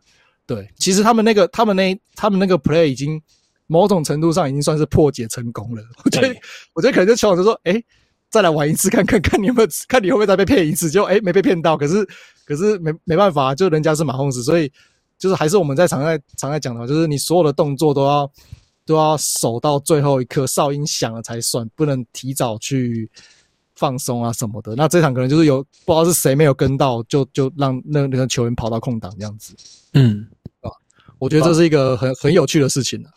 對，其實他們那個，他們那，他們那個 play 已經某種程度上已經算是破解成功了。我覺得，我覺得可能就邱老師說，哎、欸，再來玩一次看看看，你有沒有，看你會不會再被騙一次？就哎、欸，沒被騙到，可是，可是沒沒辦法，就人家是 Mahomes，所以就是還是我們在常在常在講的話，就是你所有的動作都要都要守到最後一刻，哨音響了才算，不能提早去放鬆啊什麼的。那這場可能就是有不知道是誰沒有跟到，就就讓那那個球員跑到空檔這樣子，嗯。我覺得這是一個很很有趣的事情呢、啊。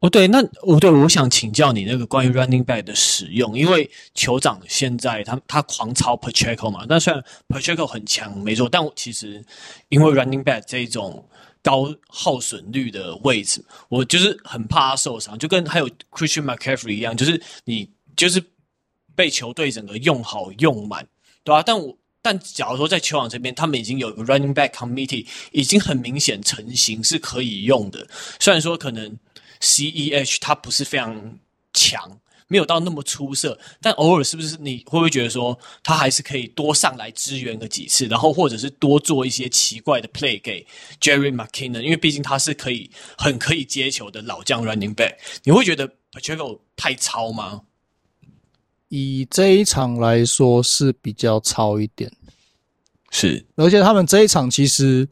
哦，對，那我、哦、對，我想請教你那個關於 running back 的使用，因為酋長現在他他狂操 Pacheco 嘛，但雖然 Pacheco 很強，沒錯，但我其實因為 running back 這一種高耗損率的位置，我就是很怕他受傷，就跟還有 Christian McCaffrey 一樣，就是你就是被球隊整個用好用滿，對吧、啊？但我但假如說在球場這邊，他們已經有一個 running back committee，已經很明顯成型，是可以用的。雖然說可能 CEH 他不是非常強，沒有到那麼出色，但偶爾是不是你會不會覺得說他還是可以多上來支援個幾次，然後或者是多做一些奇怪的 play 給 Jerry McKinnon，因為畢竟他是可以很可以接球的老將 running back，你會覺得 Pacheco 太糙嗎？以這一場來說是比較超一點，是，而且他們這一場其實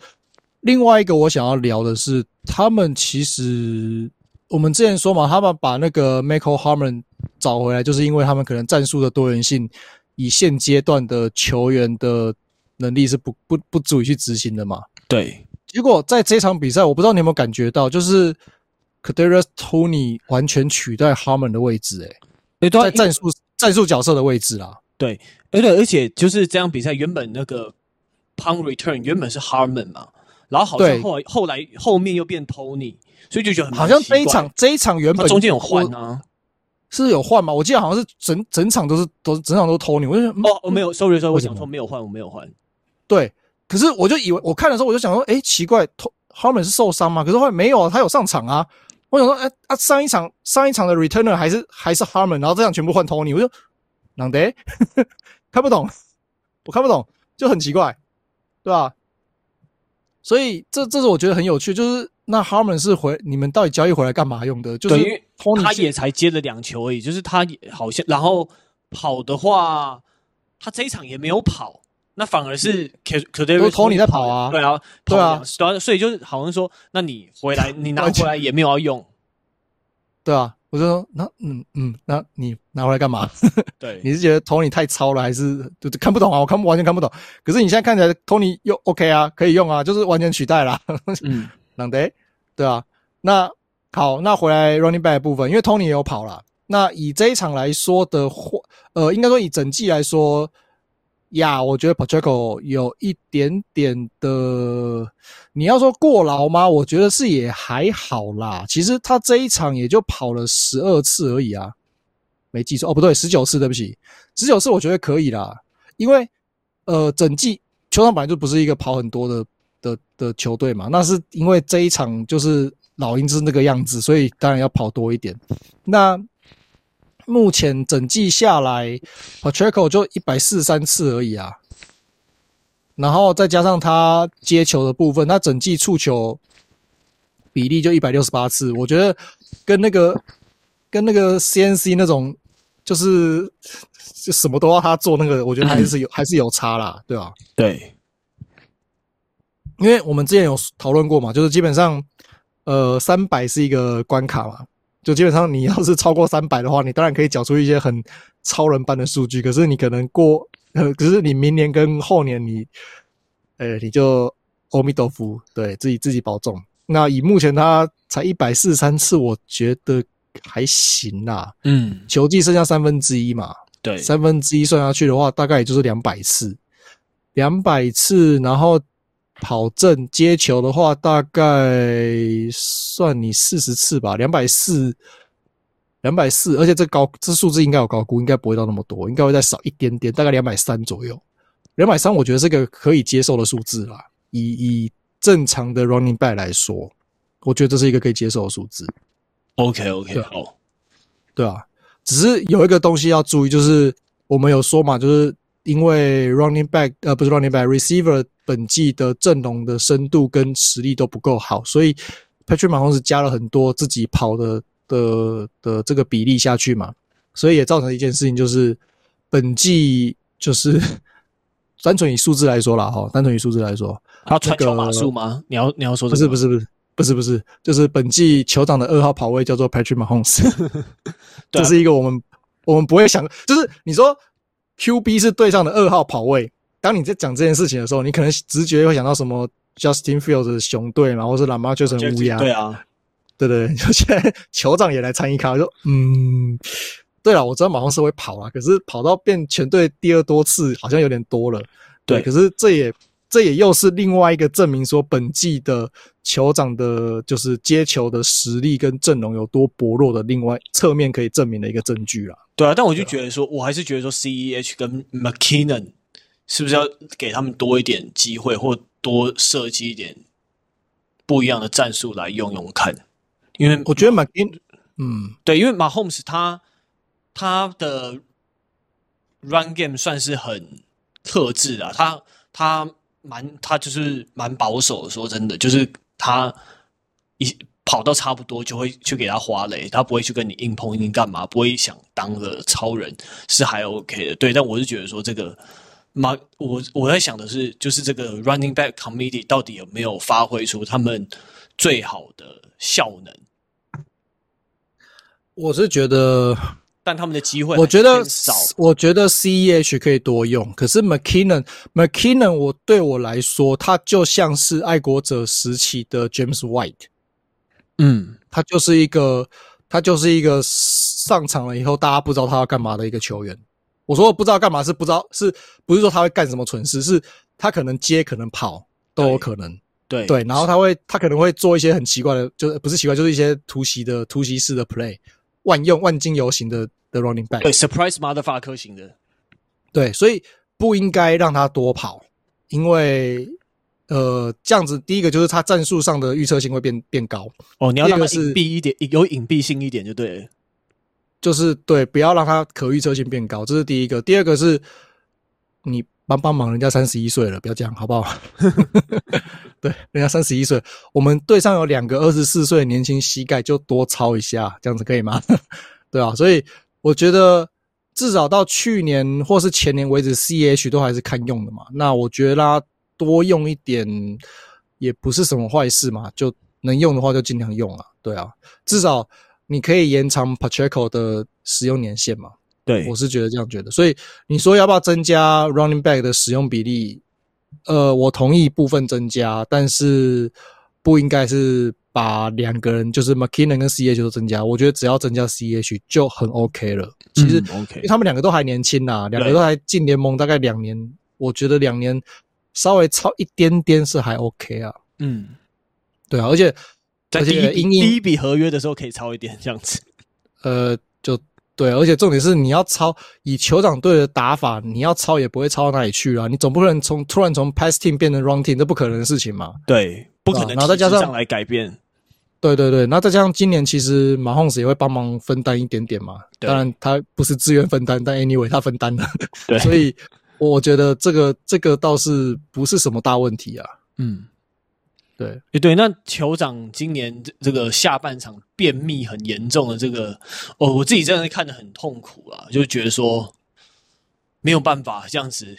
另外一個我想要聊的是，他們其實我們之前說嘛，他們把那個 Mecole Hardman 找回來，就是因為他們可能戰術的多元性，以現階段的球員的能力是不不不足以去執行的嘛。對。結果在這場比賽，我不知道你有沒有感覺到，就是 Kadarius Toney 完全取代 Hardman 的位置，欸，誒、欸對啊，在戰術、嗯。戰術角色的位置啊，對，而對，而且就是這場比賽，原本那個 punt return 原本是 Harmon 嘛，然後好像後來對後來後面又變 Tony，所以就覺得好像這一場這一場原本他中間有換啊，是有換嗎？我記得好像是整整場都是都整場都是 Tony，我就說哦，我沒有 sorry sorry，我想說沒有換，我沒有換。對，可是我就以為我看的時候我就想說，誒奇怪，Harmon 是受傷嗎？可是後來沒有、啊，他有上場啊。我想說，哎、欸、啊，上一場上一場的 returner 還是還是 Harmon，然後這場全部換 Tony 我就，啷得？ 看不懂，我看不懂，就很奇怪，對吧？所以這這是我覺得很有趣，就是那 Harmon 是回你們到底交易回來幹嘛用的？對就是，Tony 是他也才接了兩球而已，就是他也好像，然後跑的話，他這一場也沒有跑。那反而是可可，Tony 在跑啊，對，對啊，對啊，所以就是好像說，那你回來，你拿回來也沒有要用，啊啊，對啊，我就說，那嗯嗯，那、嗯啊、你拿回來幹嘛？對，你是覺得 Tony 太糙了，還是就就看不懂啊？我看不完全看不懂。可是你現在看起來，Tony 又 OK 啊，可以用啊，就是完全取代啦，啊。嗯，對，對啊。啊啊、那好，那回來 Running Back 的部分，因為 Tony 也有跑啦。那以這一場來說的話，呃，應該說以整季來說。呀，yeah, 我覺得 Pacheco 有一點點的，你要說過勞嗎？我覺得是也還好啦。其實他這一場也就跑了十二次而已啊，沒記錯哦，不對，十九次，對不起，十九次，我覺得可以啦。因為呃，整季球場本來就不是一個跑很多的的的球隊嘛，那是因為這一場就是老鷹是那個樣子，所以當然要跑多一點。那目前整季下來 Pacheco 就一百四十三次而已啊，然後再加上他接球的部分，他整季觸球比例就一百六十八次。我覺得跟那個跟那個 CNC 那種就是就什麼都要他做那個，我覺得還是有還是有差啦，嗯、對吧？對，因為我們之前有討論過嘛，就是基本上呃三百是一個關卡嘛。就基本上，你要是超過三百的話，你當然可以繳出一些很超人般的數據。可是你可能過，可是你明年跟後年，你，呃，你就阿彌陀佛，對自己自己保重。那以目前他才一百四十三次，我覺得還行啦。嗯，球季剩下三分之一嘛。對，三分之一算下去的話，大概也就是兩百次，兩百次，然後。跑正接球的話，大概算你四十次吧，兩百四，兩百四，而且這高這數字應該有高估，應該不會到那麼多，應該會再少一點點，大概兩百三左右，兩百三，我覺得這個可以接受的數字啦。以以正常的 running back 來說，我覺得這是一個可以接受的數字。OK OK 好，對啊，啊，只是有一個東西要注意，就是我們有說嘛，就是。因為 running back 呃不是 running back receiver 本季的陣容的深度跟實力都不夠好，所以 Patrick Mahomes 加了很多自己跑的的的這個比例下去嘛，所以也造成一件事情，就是本季就是單純以數字來說啦哈，單純以數字來說，啊、他出、那個碼數嗎？你要你要說不是不是不是不是不是，就是本季酋長的二號跑位叫做 Patrick Mahomes， 啊、這是一個我們我們不會想，就是你說。Q B 是隊上的二號跑位。當你在講這件事情的時候，你可能直覺會想到什麼？Justin Fields 的熊隊，然後是 Lamar 就是烏鴉。對啊，對對，對，現在酋長也來參與卡，就嗯，對了，我知道 Mahomes 是會跑啊，可是跑到變全隊第二多次，好像有點多了。對，對 可是這也。這也又是另外一個證明，說本季的酋長的，就是接球的實力跟陣容有多薄弱的另外側面可以證明的一個證據啊。對啊，但我就覺得說，對我還是覺得說，C E H 跟 McKinnon 是不是要給他們多一點機會，或多設計一點不一樣的戰術來用用看？因為我覺得 McKinn 馬嗯，對，因為 Mahomes 他他的 Run Game 算是很特質啊，他他。蠻，他就是蠻保守的。說真的，就是他一跑到差不多，就會去給他滑壘，他不會去跟你硬碰硬幹嘛，不會想當個超人，是還 OK 的。對，但我是覺得說這個，蠻我我在想的是，就是這個 Running Back Committee 到底有沒有發揮出他們最好的效能？我是覺得。但他們的機會我覺得少，我覺得 CEH 可以多用，可是 Mc McKinnon，McKinnon 我對我來說，他就像是愛國者時期的 James White，嗯，他就是一個他就是一個上場了以後大家不知道他要幹嘛的一個球員。我說我不知道幹嘛是不知道，是不是說他會幹什麼蠢事？是他可能接，可能跑都有可能，對對，對，然後他會他可能會做一些很奇怪的，就是不是奇怪，就是一些突襲的突襲式的 play。萬用萬金油型的的 running back，對，surprise mother fucker 型的，對，所以不應該讓他多跑，因為呃，這樣子第一個就是他戰術上的預測性會變變高哦，你要讓他隱蔽一點，有隱蔽性一點就對了，就是對，不要讓他可預測性變高，這是第一個，第二個是你幫幫忙，人家三十一歲了，不要這樣，好不好？ 對，人家三十一歲，我們隊上有兩個二十四歲的年輕膝蓋，就多操一下，這樣子可以嗎？ 對啊，所以我覺得至少到去年或是前年為止，C H 都還是堪用的嘛。那我覺得、啊、多用一點也不是什麼壞事嘛，就能用的話就尽量用啊。對啊，至少你可以延長 Pacheco 的使用年限嘛。對，我是覺得這樣覺得。所以你說要不要增加 Running Back 的使用比例？呃，我同意部分增加，但是不應該是把兩個人，就是 McKinnon 跟 C H 都增加。我覺得只要增加 C H 就很 OK 了。其實、嗯、OK，因為他們兩個都還年輕吶、啊，兩個都還進聯盟大概兩年，Right. 我覺得兩年稍微超一點點是還 OK 啊。嗯，對啊，而且，而且在第一音音第一筆合約的時候可以超一點這樣子。呃，就。對，而且重點是你要抄以酋長隊的打法，你要抄也不會抄到哪裡去啊！你總不能從突然從 pass team 變成 run team，這不可能的事情嘛。對，不可能、啊。然後再加上來改變，對對對。那再加上今年其實馬洪斯也會幫忙分擔一點點嘛。對當然他不是自願分擔，但 anyway 他分擔了。對 所以我覺得這個這個倒是不是什麼大問題啊。嗯。對，欸、對，那酋長今年這個下半場便秘很嚴重的這個，哦，我自己真的看得很痛苦啊，就覺得說沒有辦法這樣子，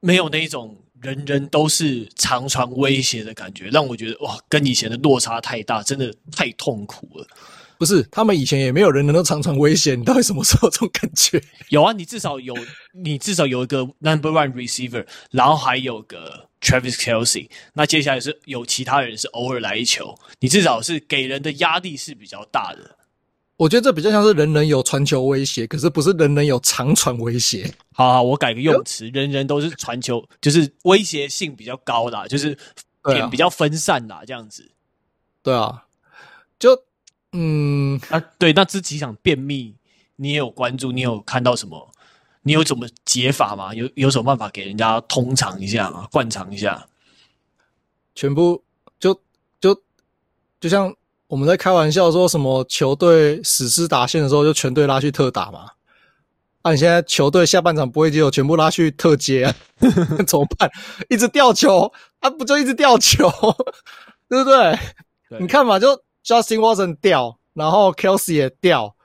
沒有那一種人人都是常常威脅的感覺，讓我覺得哇，跟以前的落差太大，真的太痛苦了。不是，他們以前也沒有人能夠常常威脅，你到底什麼時候有這種感覺？有啊，你至少有，你至少有一個 number one receiver，然後還有個。Travis Kelce，那接下來是有其他人是偶爾來一球，你至少是給人的壓力是比較大的。我覺得這比較像是人人有傳球威脅，可是不是人人有長傳威脅。好，好，我改個用詞，呃、人人都是傳球，就是威脅性比較高的，啊，就是點比較分散的，啊，這樣子對、啊。對啊，就嗯啊，對，那這幾場便秘，你也有關注？你有看到什麼？你有什麼解法嗎？有有什麼辦法給人家通腸一,一下，灌腸一下？全部就就就像我們在開玩笑說什麼球隊史詩打線的時候，就全隊拉去特打嘛。啊，你現在球隊下半場不會只有全部拉去特接，啊， 怎麼辦？一直掉球啊，不就一直掉球， 對不對？對，你看嘛，就 Justin Watson 掉，然後 Kelce 也掉。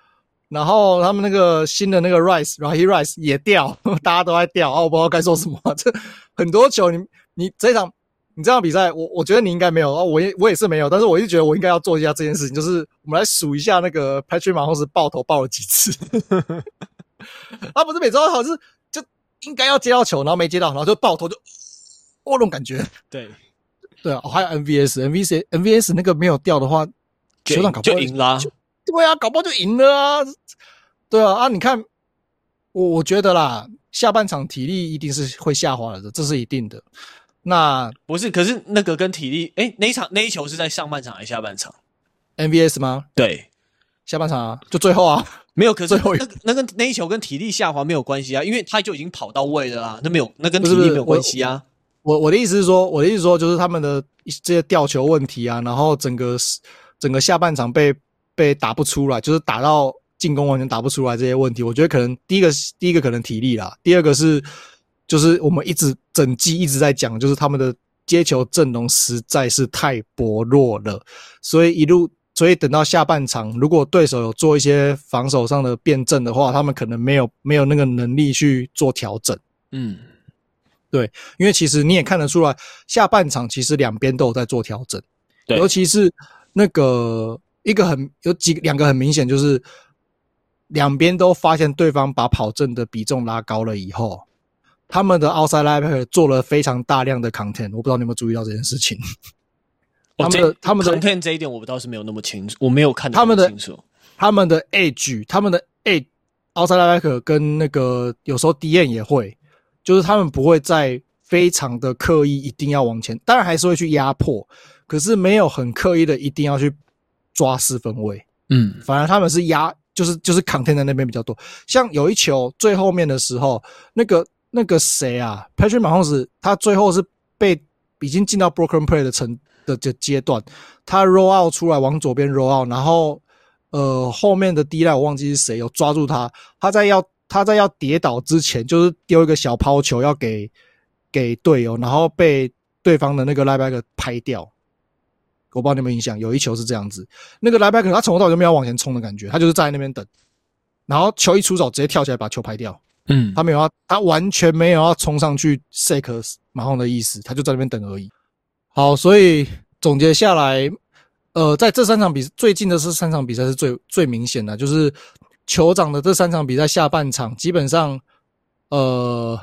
然後他們那個新的那個 Rice 然後 Rashee Rice 也掉，大家都在掉啊。哦，我不知道該說什麼。這很多球你，你你這場你這場比賽，我我覺得你應該沒有啊。哦，我也我也是沒有，但是我就覺得我應該要做一下這件事情，就是我們來數一下那個 Patrick 馬霍姆斯爆頭爆了幾次。 啊，不是每次都好像是就應該要接到球，然後沒接到，然後就爆頭就哦那種感覺。對對啊。哦，還有 MVS MVS MVS 那個沒有掉的話，就贏啦。對啊，搞不好就贏了啊！對啊，啊，你看，我我覺得啦，下半場體力一定是會下滑的，這是一定的。那不是，可是那個跟體力，哎，那一場那一球是在上半場還是下半場 NBA 嗎？對，下半場啊，就最後啊，沒有。可是 最後一，那那個那一球跟體力下滑沒有關係啊，因為他就已經跑到位了啦、啊。那沒有，那跟體力沒有關係啊。我我的意思是說，我的意思是說，就是他們的這些吊球問題啊，然後整個整個下半場被。被打不出來，就是打到進攻完全打不出來這些問題。我覺得可能第一個是第一個可能體力啦，第二個是就是我們一直整季一直在講，就是他們的接球陣容實在是太薄弱了，所以一路所以等到下半場，如果對手有做一些防守上的變陣的話，他們可能沒有沒有那個能力去做調整。嗯，對，因為其實你也看得出來，下半場其實兩邊都有在做調整，對，尤其是那個。一個很，有幾，兩個很明顯，就是兩邊都發現對方把跑陣的比重拉高了以後，他們的奧賽拉貝克做了非常大量的 content，我不知道你有沒有注意到這件事情。哦、他們的這他們的 content 這一點，我倒是沒有那麼清楚，我沒有看他們的清楚。他們的 edge，他們的 edge，奧賽拉貝克跟那個有時候 DN 也會，就是他們不會在非常的刻意一定要往前，當然還是會去壓迫，可是沒有很刻意的一定要去。抓四分衛，嗯，反而他們是壓，就是就是 contain 在那邊比較多。像有一球最後面的時候，那個那個誰啊，Patrick Mahomes，他最後是被已經進到 broken play 的層的階階段，他 roll out 出來往左邊 roll out，然後呃後面的 D line 我忘記是誰有抓住他，他在要他在要跌倒之前，就是丟一個小拋球要給給隊友，然後被對方的那個 linebacker 拍掉。我不知道你有沒有印象，有一球是這樣子，那個來拍可能他從頭到尾就沒有往前衝的感覺，他就是站在那邊等，然後球一出手直接跳起來把球拍掉，嗯，他沒有要，他完全沒有要衝上去 sack 馬龍的意思，他就在那邊等而已。嗯、好，所以總結下來，呃，在這三場比最近的這三場比賽是最最明顯的，就是酋長的這三場比賽下半場基本上，呃，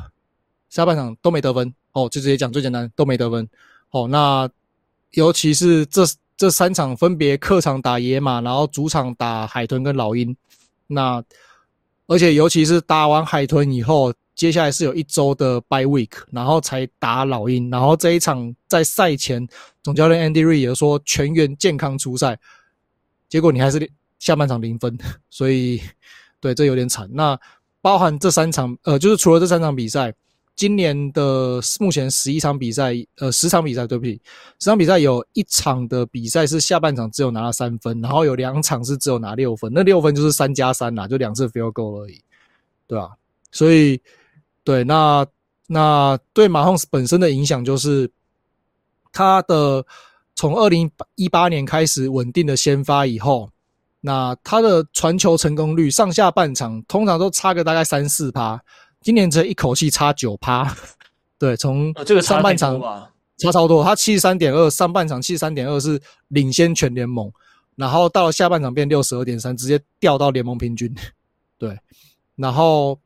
下半場都沒得分，哦，就直接講最簡單，都沒得分，哦，那。尤其是這這三場分別客場打野馬，然後主場打海豚跟老鷹，那而且尤其是打完海豚以後，接下來是有一周的 by week，然後才打老鷹，然後這一場在賽前總教練 Andy 瑞也說全員健康出賽，結果你還是下半場零分，所以對這有點慘。那包含這三場，呃，就是除了這三場比賽。今年的目前十一場比賽，呃，十場比賽，對不起，十場比賽有一場的比賽是下半場只有拿了三分，然後有兩場是只有拿六分，那六分就是三加三啦，就兩次 field goal 而已，對吧、啊？所以，對，那那對馬洪斯本身的影響就是，他的從二零一八年開始穩定的先發以後，那他的傳球成功率上下半場通常都差個大概三四趴。今年只有一口氣差九趴，對，從這個上半場差超多，他七十三點二，上半場七十三點二是領先全聯盟，然後到了下半場變六十二點三，直接掉到聯盟平均，對，然後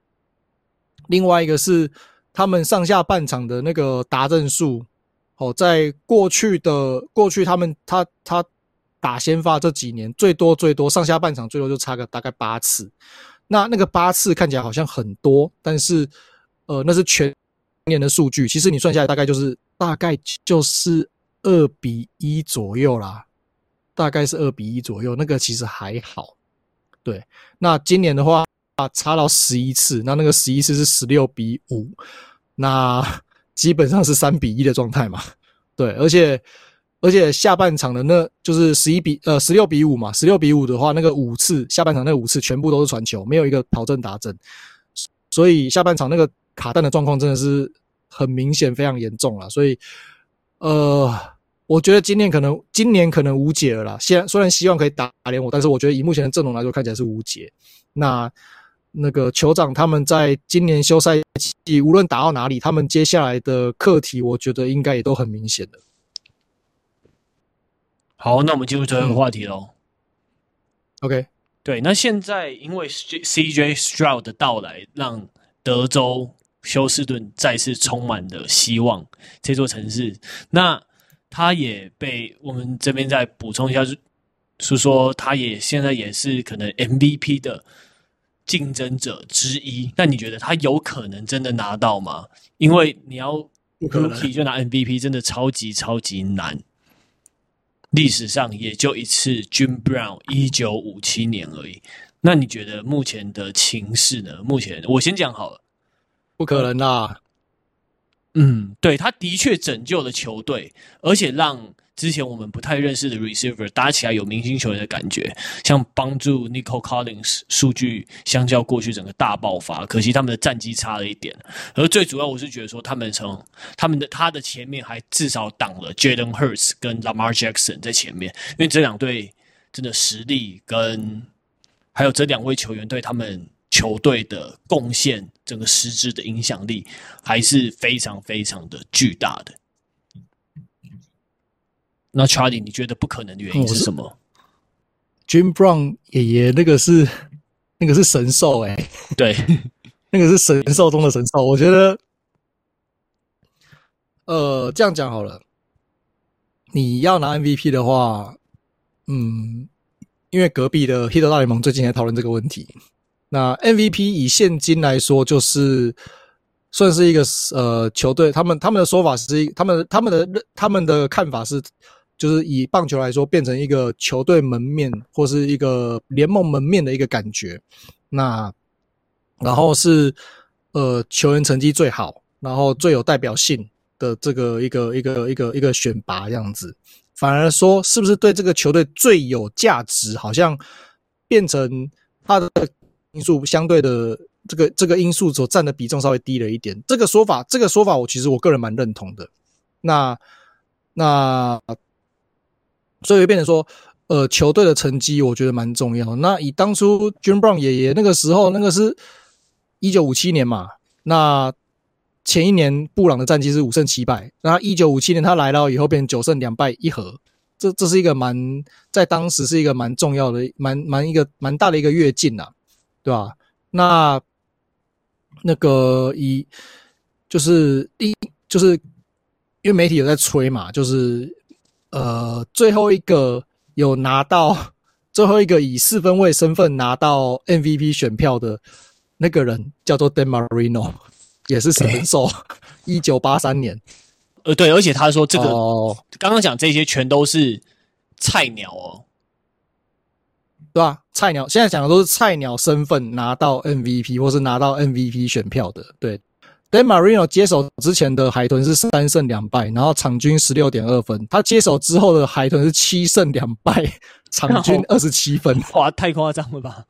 另外一個是他們上下半場的那個達陣數，哦，在過去的過去，他們他，他他打先發這幾年最多最多上下半場最多就差個大概八次。那那個八次看起來好像很多，但是，呃，那是全年的數據，其實你算下來大概就是大概就是二比一左右啦，大概是二比一左右，那個其實還好。對，那今年的話啊差了十一次，那那個十一次是十六比五，那基本上是三比一的狀態嘛。對，而且。而且下半場的那，就是十一比呃十六比五嘛，十六比五的話，那個五次下半場那五次全部都是傳球，沒有一個跑陣打陣，所以下半場那個卡彈的狀況真的是很明顯，非常嚴重啦。所以，呃，我覺得今年可能今年可能無解了啦。現雖然希望可以打連我，但是我覺得以目前的陣容來說，看起來是無解。那那個酋長他們在今年休賽季無論打到哪裡，他們接下來的課題，我覺得應該也都很明顯的。好，那我們進入最後一個話題嘍。OK，對，那現在因為 CJ Stroud 的到來，讓德州休斯頓再次充滿了希望。這座城市，那他也被我們這邊再補充一下，是說他也現在也是可能 MVP 的競爭者之一。那你覺得他有可能真的拿到嗎？因為你要 rookie 就拿 MVP，真的超級超級難。歷史上也就一次，Jim Brown 一九五七年而已。那你覺得目前的情勢呢？目前我先講好了，不可能啦，啊，呃。嗯，對，他的確拯救了球隊，而且讓。之前我們不太認識的 receiver 打起來有明星球員的感覺，像幫助 Nico Collins 數據相較過去整個大爆發，可惜他們的戰績差了一點。而最主要，我是覺得說他們從他們的他的前面還至少擋了 Jalen Hurts 跟 Lamar Jackson 在前面，因為這兩隊真的實力跟還有這兩位球員對他們球隊的貢獻，整個實質的影響力還是非常非常的巨大的。那 Charlie，你覺得不可能的原因是什麼是？Jim Brown 爺爺那個是那個是神獸哎，對， 那個是神獸中的神獸。我覺得，呃，這樣講好了，你要拿 MVP 的話，嗯，因為隔壁的 Hito 大聯盟最近在討論這個問題。那 MVP 以現金來說，就是算是一個呃球隊，他們他們的說法是，他們他們的他們的看法是。就是以棒球來說，變成一個球隊門面或是一個聯盟門面的一個感覺。那，然後是呃球員成績最好，然後最有代表性的這個一個一個一個一個選拔這樣子，反而說是不是對這個球隊最有價值？好像變成它的因素相對的這個這個因素所占的比重稍微低了一點。這個說法，這個說法我其實我個人蠻認同的。那那。所以會變成說，呃，球隊的成績我覺得蠻重要的。那以當初 Jim Brown 爺爺那個時候，那個是一九五七年嘛，那前一年布朗的戰績是五勝七敗，那一九五七年他來了以後，變成九勝兩敗一和。這這是一個蠻在當時是一個蠻重要的，蠻蠻一個蠻大的一個躍進吶，對吧、啊？那那個以就是第一就是因為媒體有在吹嘛，就是。呃，最後一個有拿到，最後一個以四分衛身份拿到 MVP 選票的那個人叫做 Dan Marino，也是神獸，一九八三年。呃，對，而且他說這個哦，剛剛講這些全都是菜鳥哦，對啊，菜鳥現在講的都是菜鳥身份拿到 MVP 或是拿到 MVP 選票的，對。Dan Marino 接手之前的海豚是三勝兩敗，然後場均十六點二分。他接手之後的海豚是七勝兩敗，場均二十七分。哇，太誇張了吧！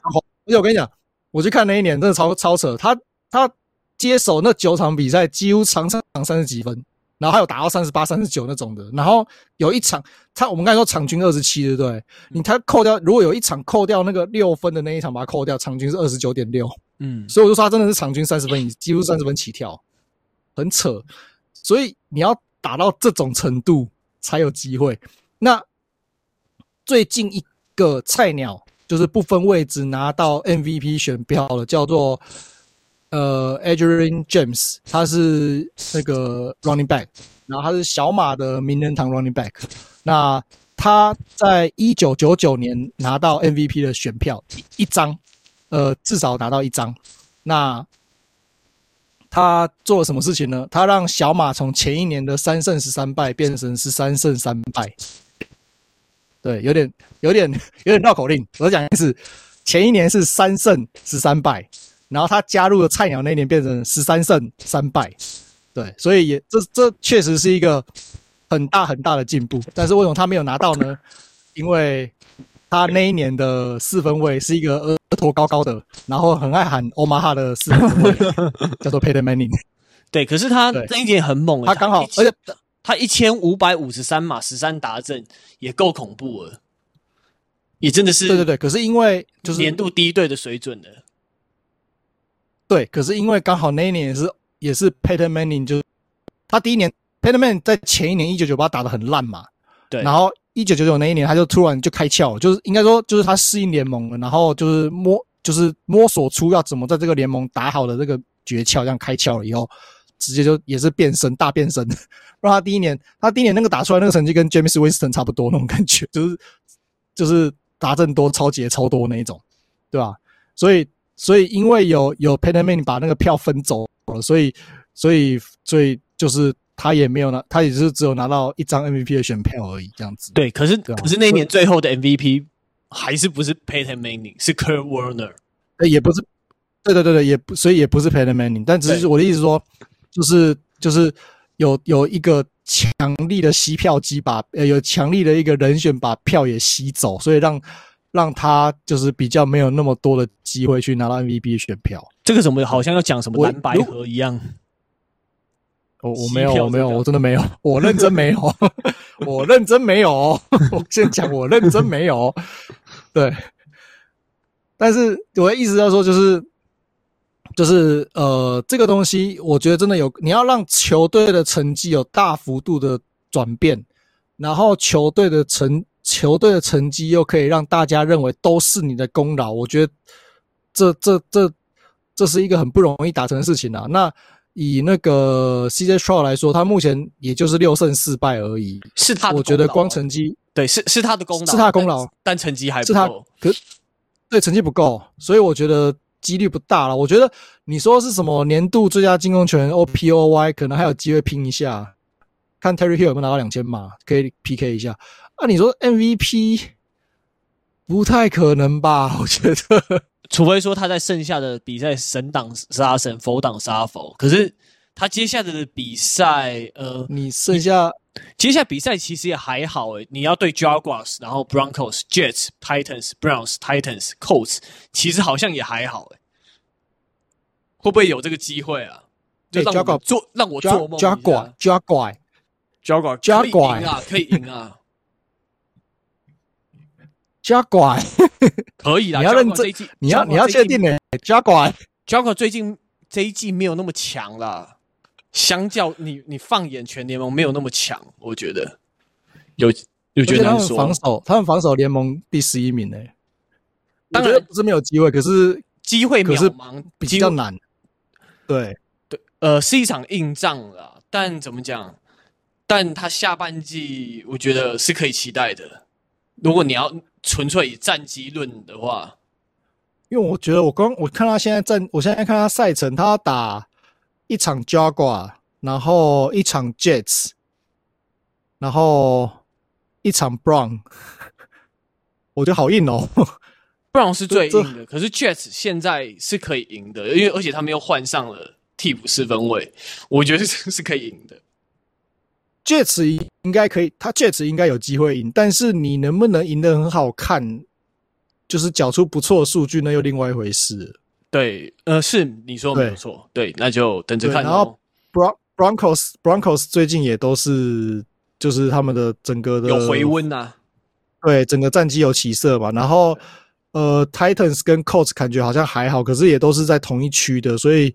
好，而且我跟你講，我去看那一年真的超超扯。他他接手那九場比賽，幾乎場常場三十幾分，然後還有打到三十八、三十九那種的。然後有一場，他我們剛才說場均二十七，對不對？你他扣掉，如果有一場扣掉那個六分的那一場，把它扣掉，場均是二十九點六。嗯，所以我就說他真的是場均三十分，以幾乎三十分起跳，很扯。所以你要打到這種程度才有機會。那最近一個菜鳥就是不分位置拿到 MVP 選票了，叫做呃 Edgerrin James，他是那個 Running Back，然後他是小馬的名人堂 Running Back。那他在一九九九年拿到 MVP 的選票一張。呃，至少拿到一張。那他做了什麼事情呢？他讓小馬從前一年的三勝十三敗變成十三勝三敗。對，有點有點有點繞口令。我講一次，前一年是三勝十三敗，然後他加入了菜鳥那一年變成十三勝三敗。對，所以也這這確實是一個很大很大的進步。但是為什麼他沒有拿到呢？因為他那一年的四分衛是一個二，高高的，然後很愛喊 “Omaha” 的是 叫做 Peyton Manning，對，可是他那一年很猛，他剛好，一而且他一千五百五十三碼十三達陣也夠恐怖了，也真的是的，對對對。可是因為就是年度第一隊的水準的，對，可是因為剛好那一年也是也是 Peyton Manning，就他第一年 Peyton Manning 在前一年一九九八打得很爛嘛，對，然後。一九九九那一年，他就突然就開竅，就是應該說，就是他適應聯盟了，然後就是摸，就是摸索出要怎麼在這個聯盟打好的這個訣竅，這樣開竅了以後，直接就也是變身大變身，讓他第一年，他第一年那個打出來那個成績跟 Jameis Winston 差不多那種感覺，就是就是達陣多，超級超多那一種，對吧？所以所以因為有有 Peterman 把那個票分走了，所以所以最所以就是。他也沒有拿，他也是只有拿到一張 MVP 的選票而已，這樣子。對，可是對、哦、可是那一年最後的 MVP 還是不是 Peyton Manning，是 Kurt Warner、欸、也不是，對對對對，也不所以也不是 Peyton Manning。但只是我的意思說，對就是就是有有一個強力的吸票機把，呃，有強力的一個人選把票也吸走，所以讓讓他就是比較沒有那麼多的機會去拿到 MVP 的選票。這個怎麼好像要講什麼藍白盒一樣？我我沒有，我沒有，我真的沒有，我認真沒有， 我認真沒有，我先講，我認真沒有，對。但是我的意思是說，就是，就是就是呃，這個東西，我覺得真的有，你要讓球隊的成績有大幅度的轉變，然後球隊的成球隊的成績又可以讓大家認為都是你的功勞，我覺得這這這這是一個很不容易達成的事情啊，那。以那個 CJ Stroud 來說，他目前也就是六勝四敗而已。是他的，我覺得光成績對是是他的功勞，是他的功勞，但成績還不夠，是他。可對成績不夠，所以我覺得幾率不大啦。我覺得你說是什麼年度最佳進攻球員 OPOY，可能還有機會拼一下。看 Tyreek Hill 有沒有拿到兩千碼，可以 PK 一下啊？你說 MVP？不太可能吧？我覺得，除非說他在剩下的比賽神擋殺神佛擋殺佛。可是他接下來的比賽，呃，你剩下你接下來比賽其實也還好誒，你要對 Jaguars，然後 Broncos、Jets、Titans、Browns、Titans、Colts 其實好像也還好誒，會不會有這個機會啊？就讓我做，Jaguar, 讓我做夢。Jaguars，Jaguars，Jaguars，Jaguars，Jaguars 可以贏啊！可以贏啊！ 加冠可以啦， 你要認真這一季，你要你要確定的、欸。加冠管，加冠、er、最近這一季沒有那麼強了，相較你你放眼全聯盟沒有那麼強，我覺得有有覺得說他們防守，他們防守聯盟第十一名呢、欸。當然不是沒有機會，可是機會渺茫比較難。會對對，呃，是一場硬仗了啦。但怎麼講？但他下半季，我覺得是可以期待的。如果你要純粹以戰績論的話，因為我覺得我剛我看他現在戰，我現在看他賽程，他要打一場 Jaguar，然後一場 Jets，然後一場 Brown，w 我覺得好硬哦。 Brown w 是最硬的，這可是 Jets 現在是可以贏的，因為而且他們又換上了替補四分衛，我覺得是是可以贏的。Jets 應該可以，他確實應該有機會贏，但是你能不能贏得很好看，就是繳出不錯的數據，那又另外一回事。對，呃，是，你說沒有錯對，對，那就等着看。然後 Bron Broncos Broncos 最近也都是，就是他們的整個的有回溫吶、啊，對，整個戰績有起色吧。然後呃，Titans 跟 Colts 感覺好像還好，可是也都是在同一區的，所以。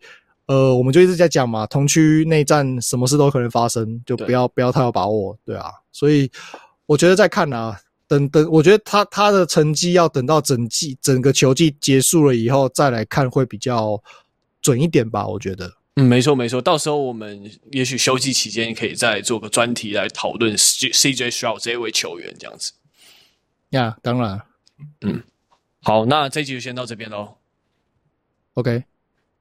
呃，我們就一直在講嘛，同區內戰，什麼事都可能發生，就不要對不要太有把握，對啊。所以我覺得再看啊，等等，我覺得他他的成績要等到整季整個球季結束了以後再來看，會比較準一點吧，我覺得。嗯，沒錯沒錯，到時候我們也許休季期間可以再做個專題來討論 C.J. Stroud 這位球員這樣子。呀、嗯，當然。嗯，好，那這集就先到這邊嘍。OK。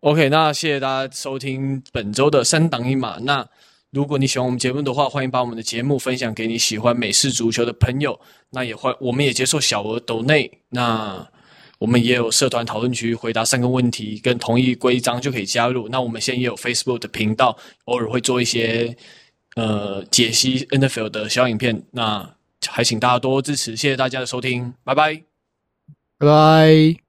OK，那謝謝大家收聽本週的三檔一碼。那如果你喜歡我們節目的話，歡迎把我們的節目分享給你喜歡美式足球的朋友。那也歡，我們也接受小額抖內。那我們也有社團討論區，回答三個問題跟同意規章就可以加入。那我們現在也有 Facebook 的頻道，偶爾會做一些呃解析 NFL 的小影片。那還請大家多多支持，謝謝大家的收聽，拜拜，拜拜。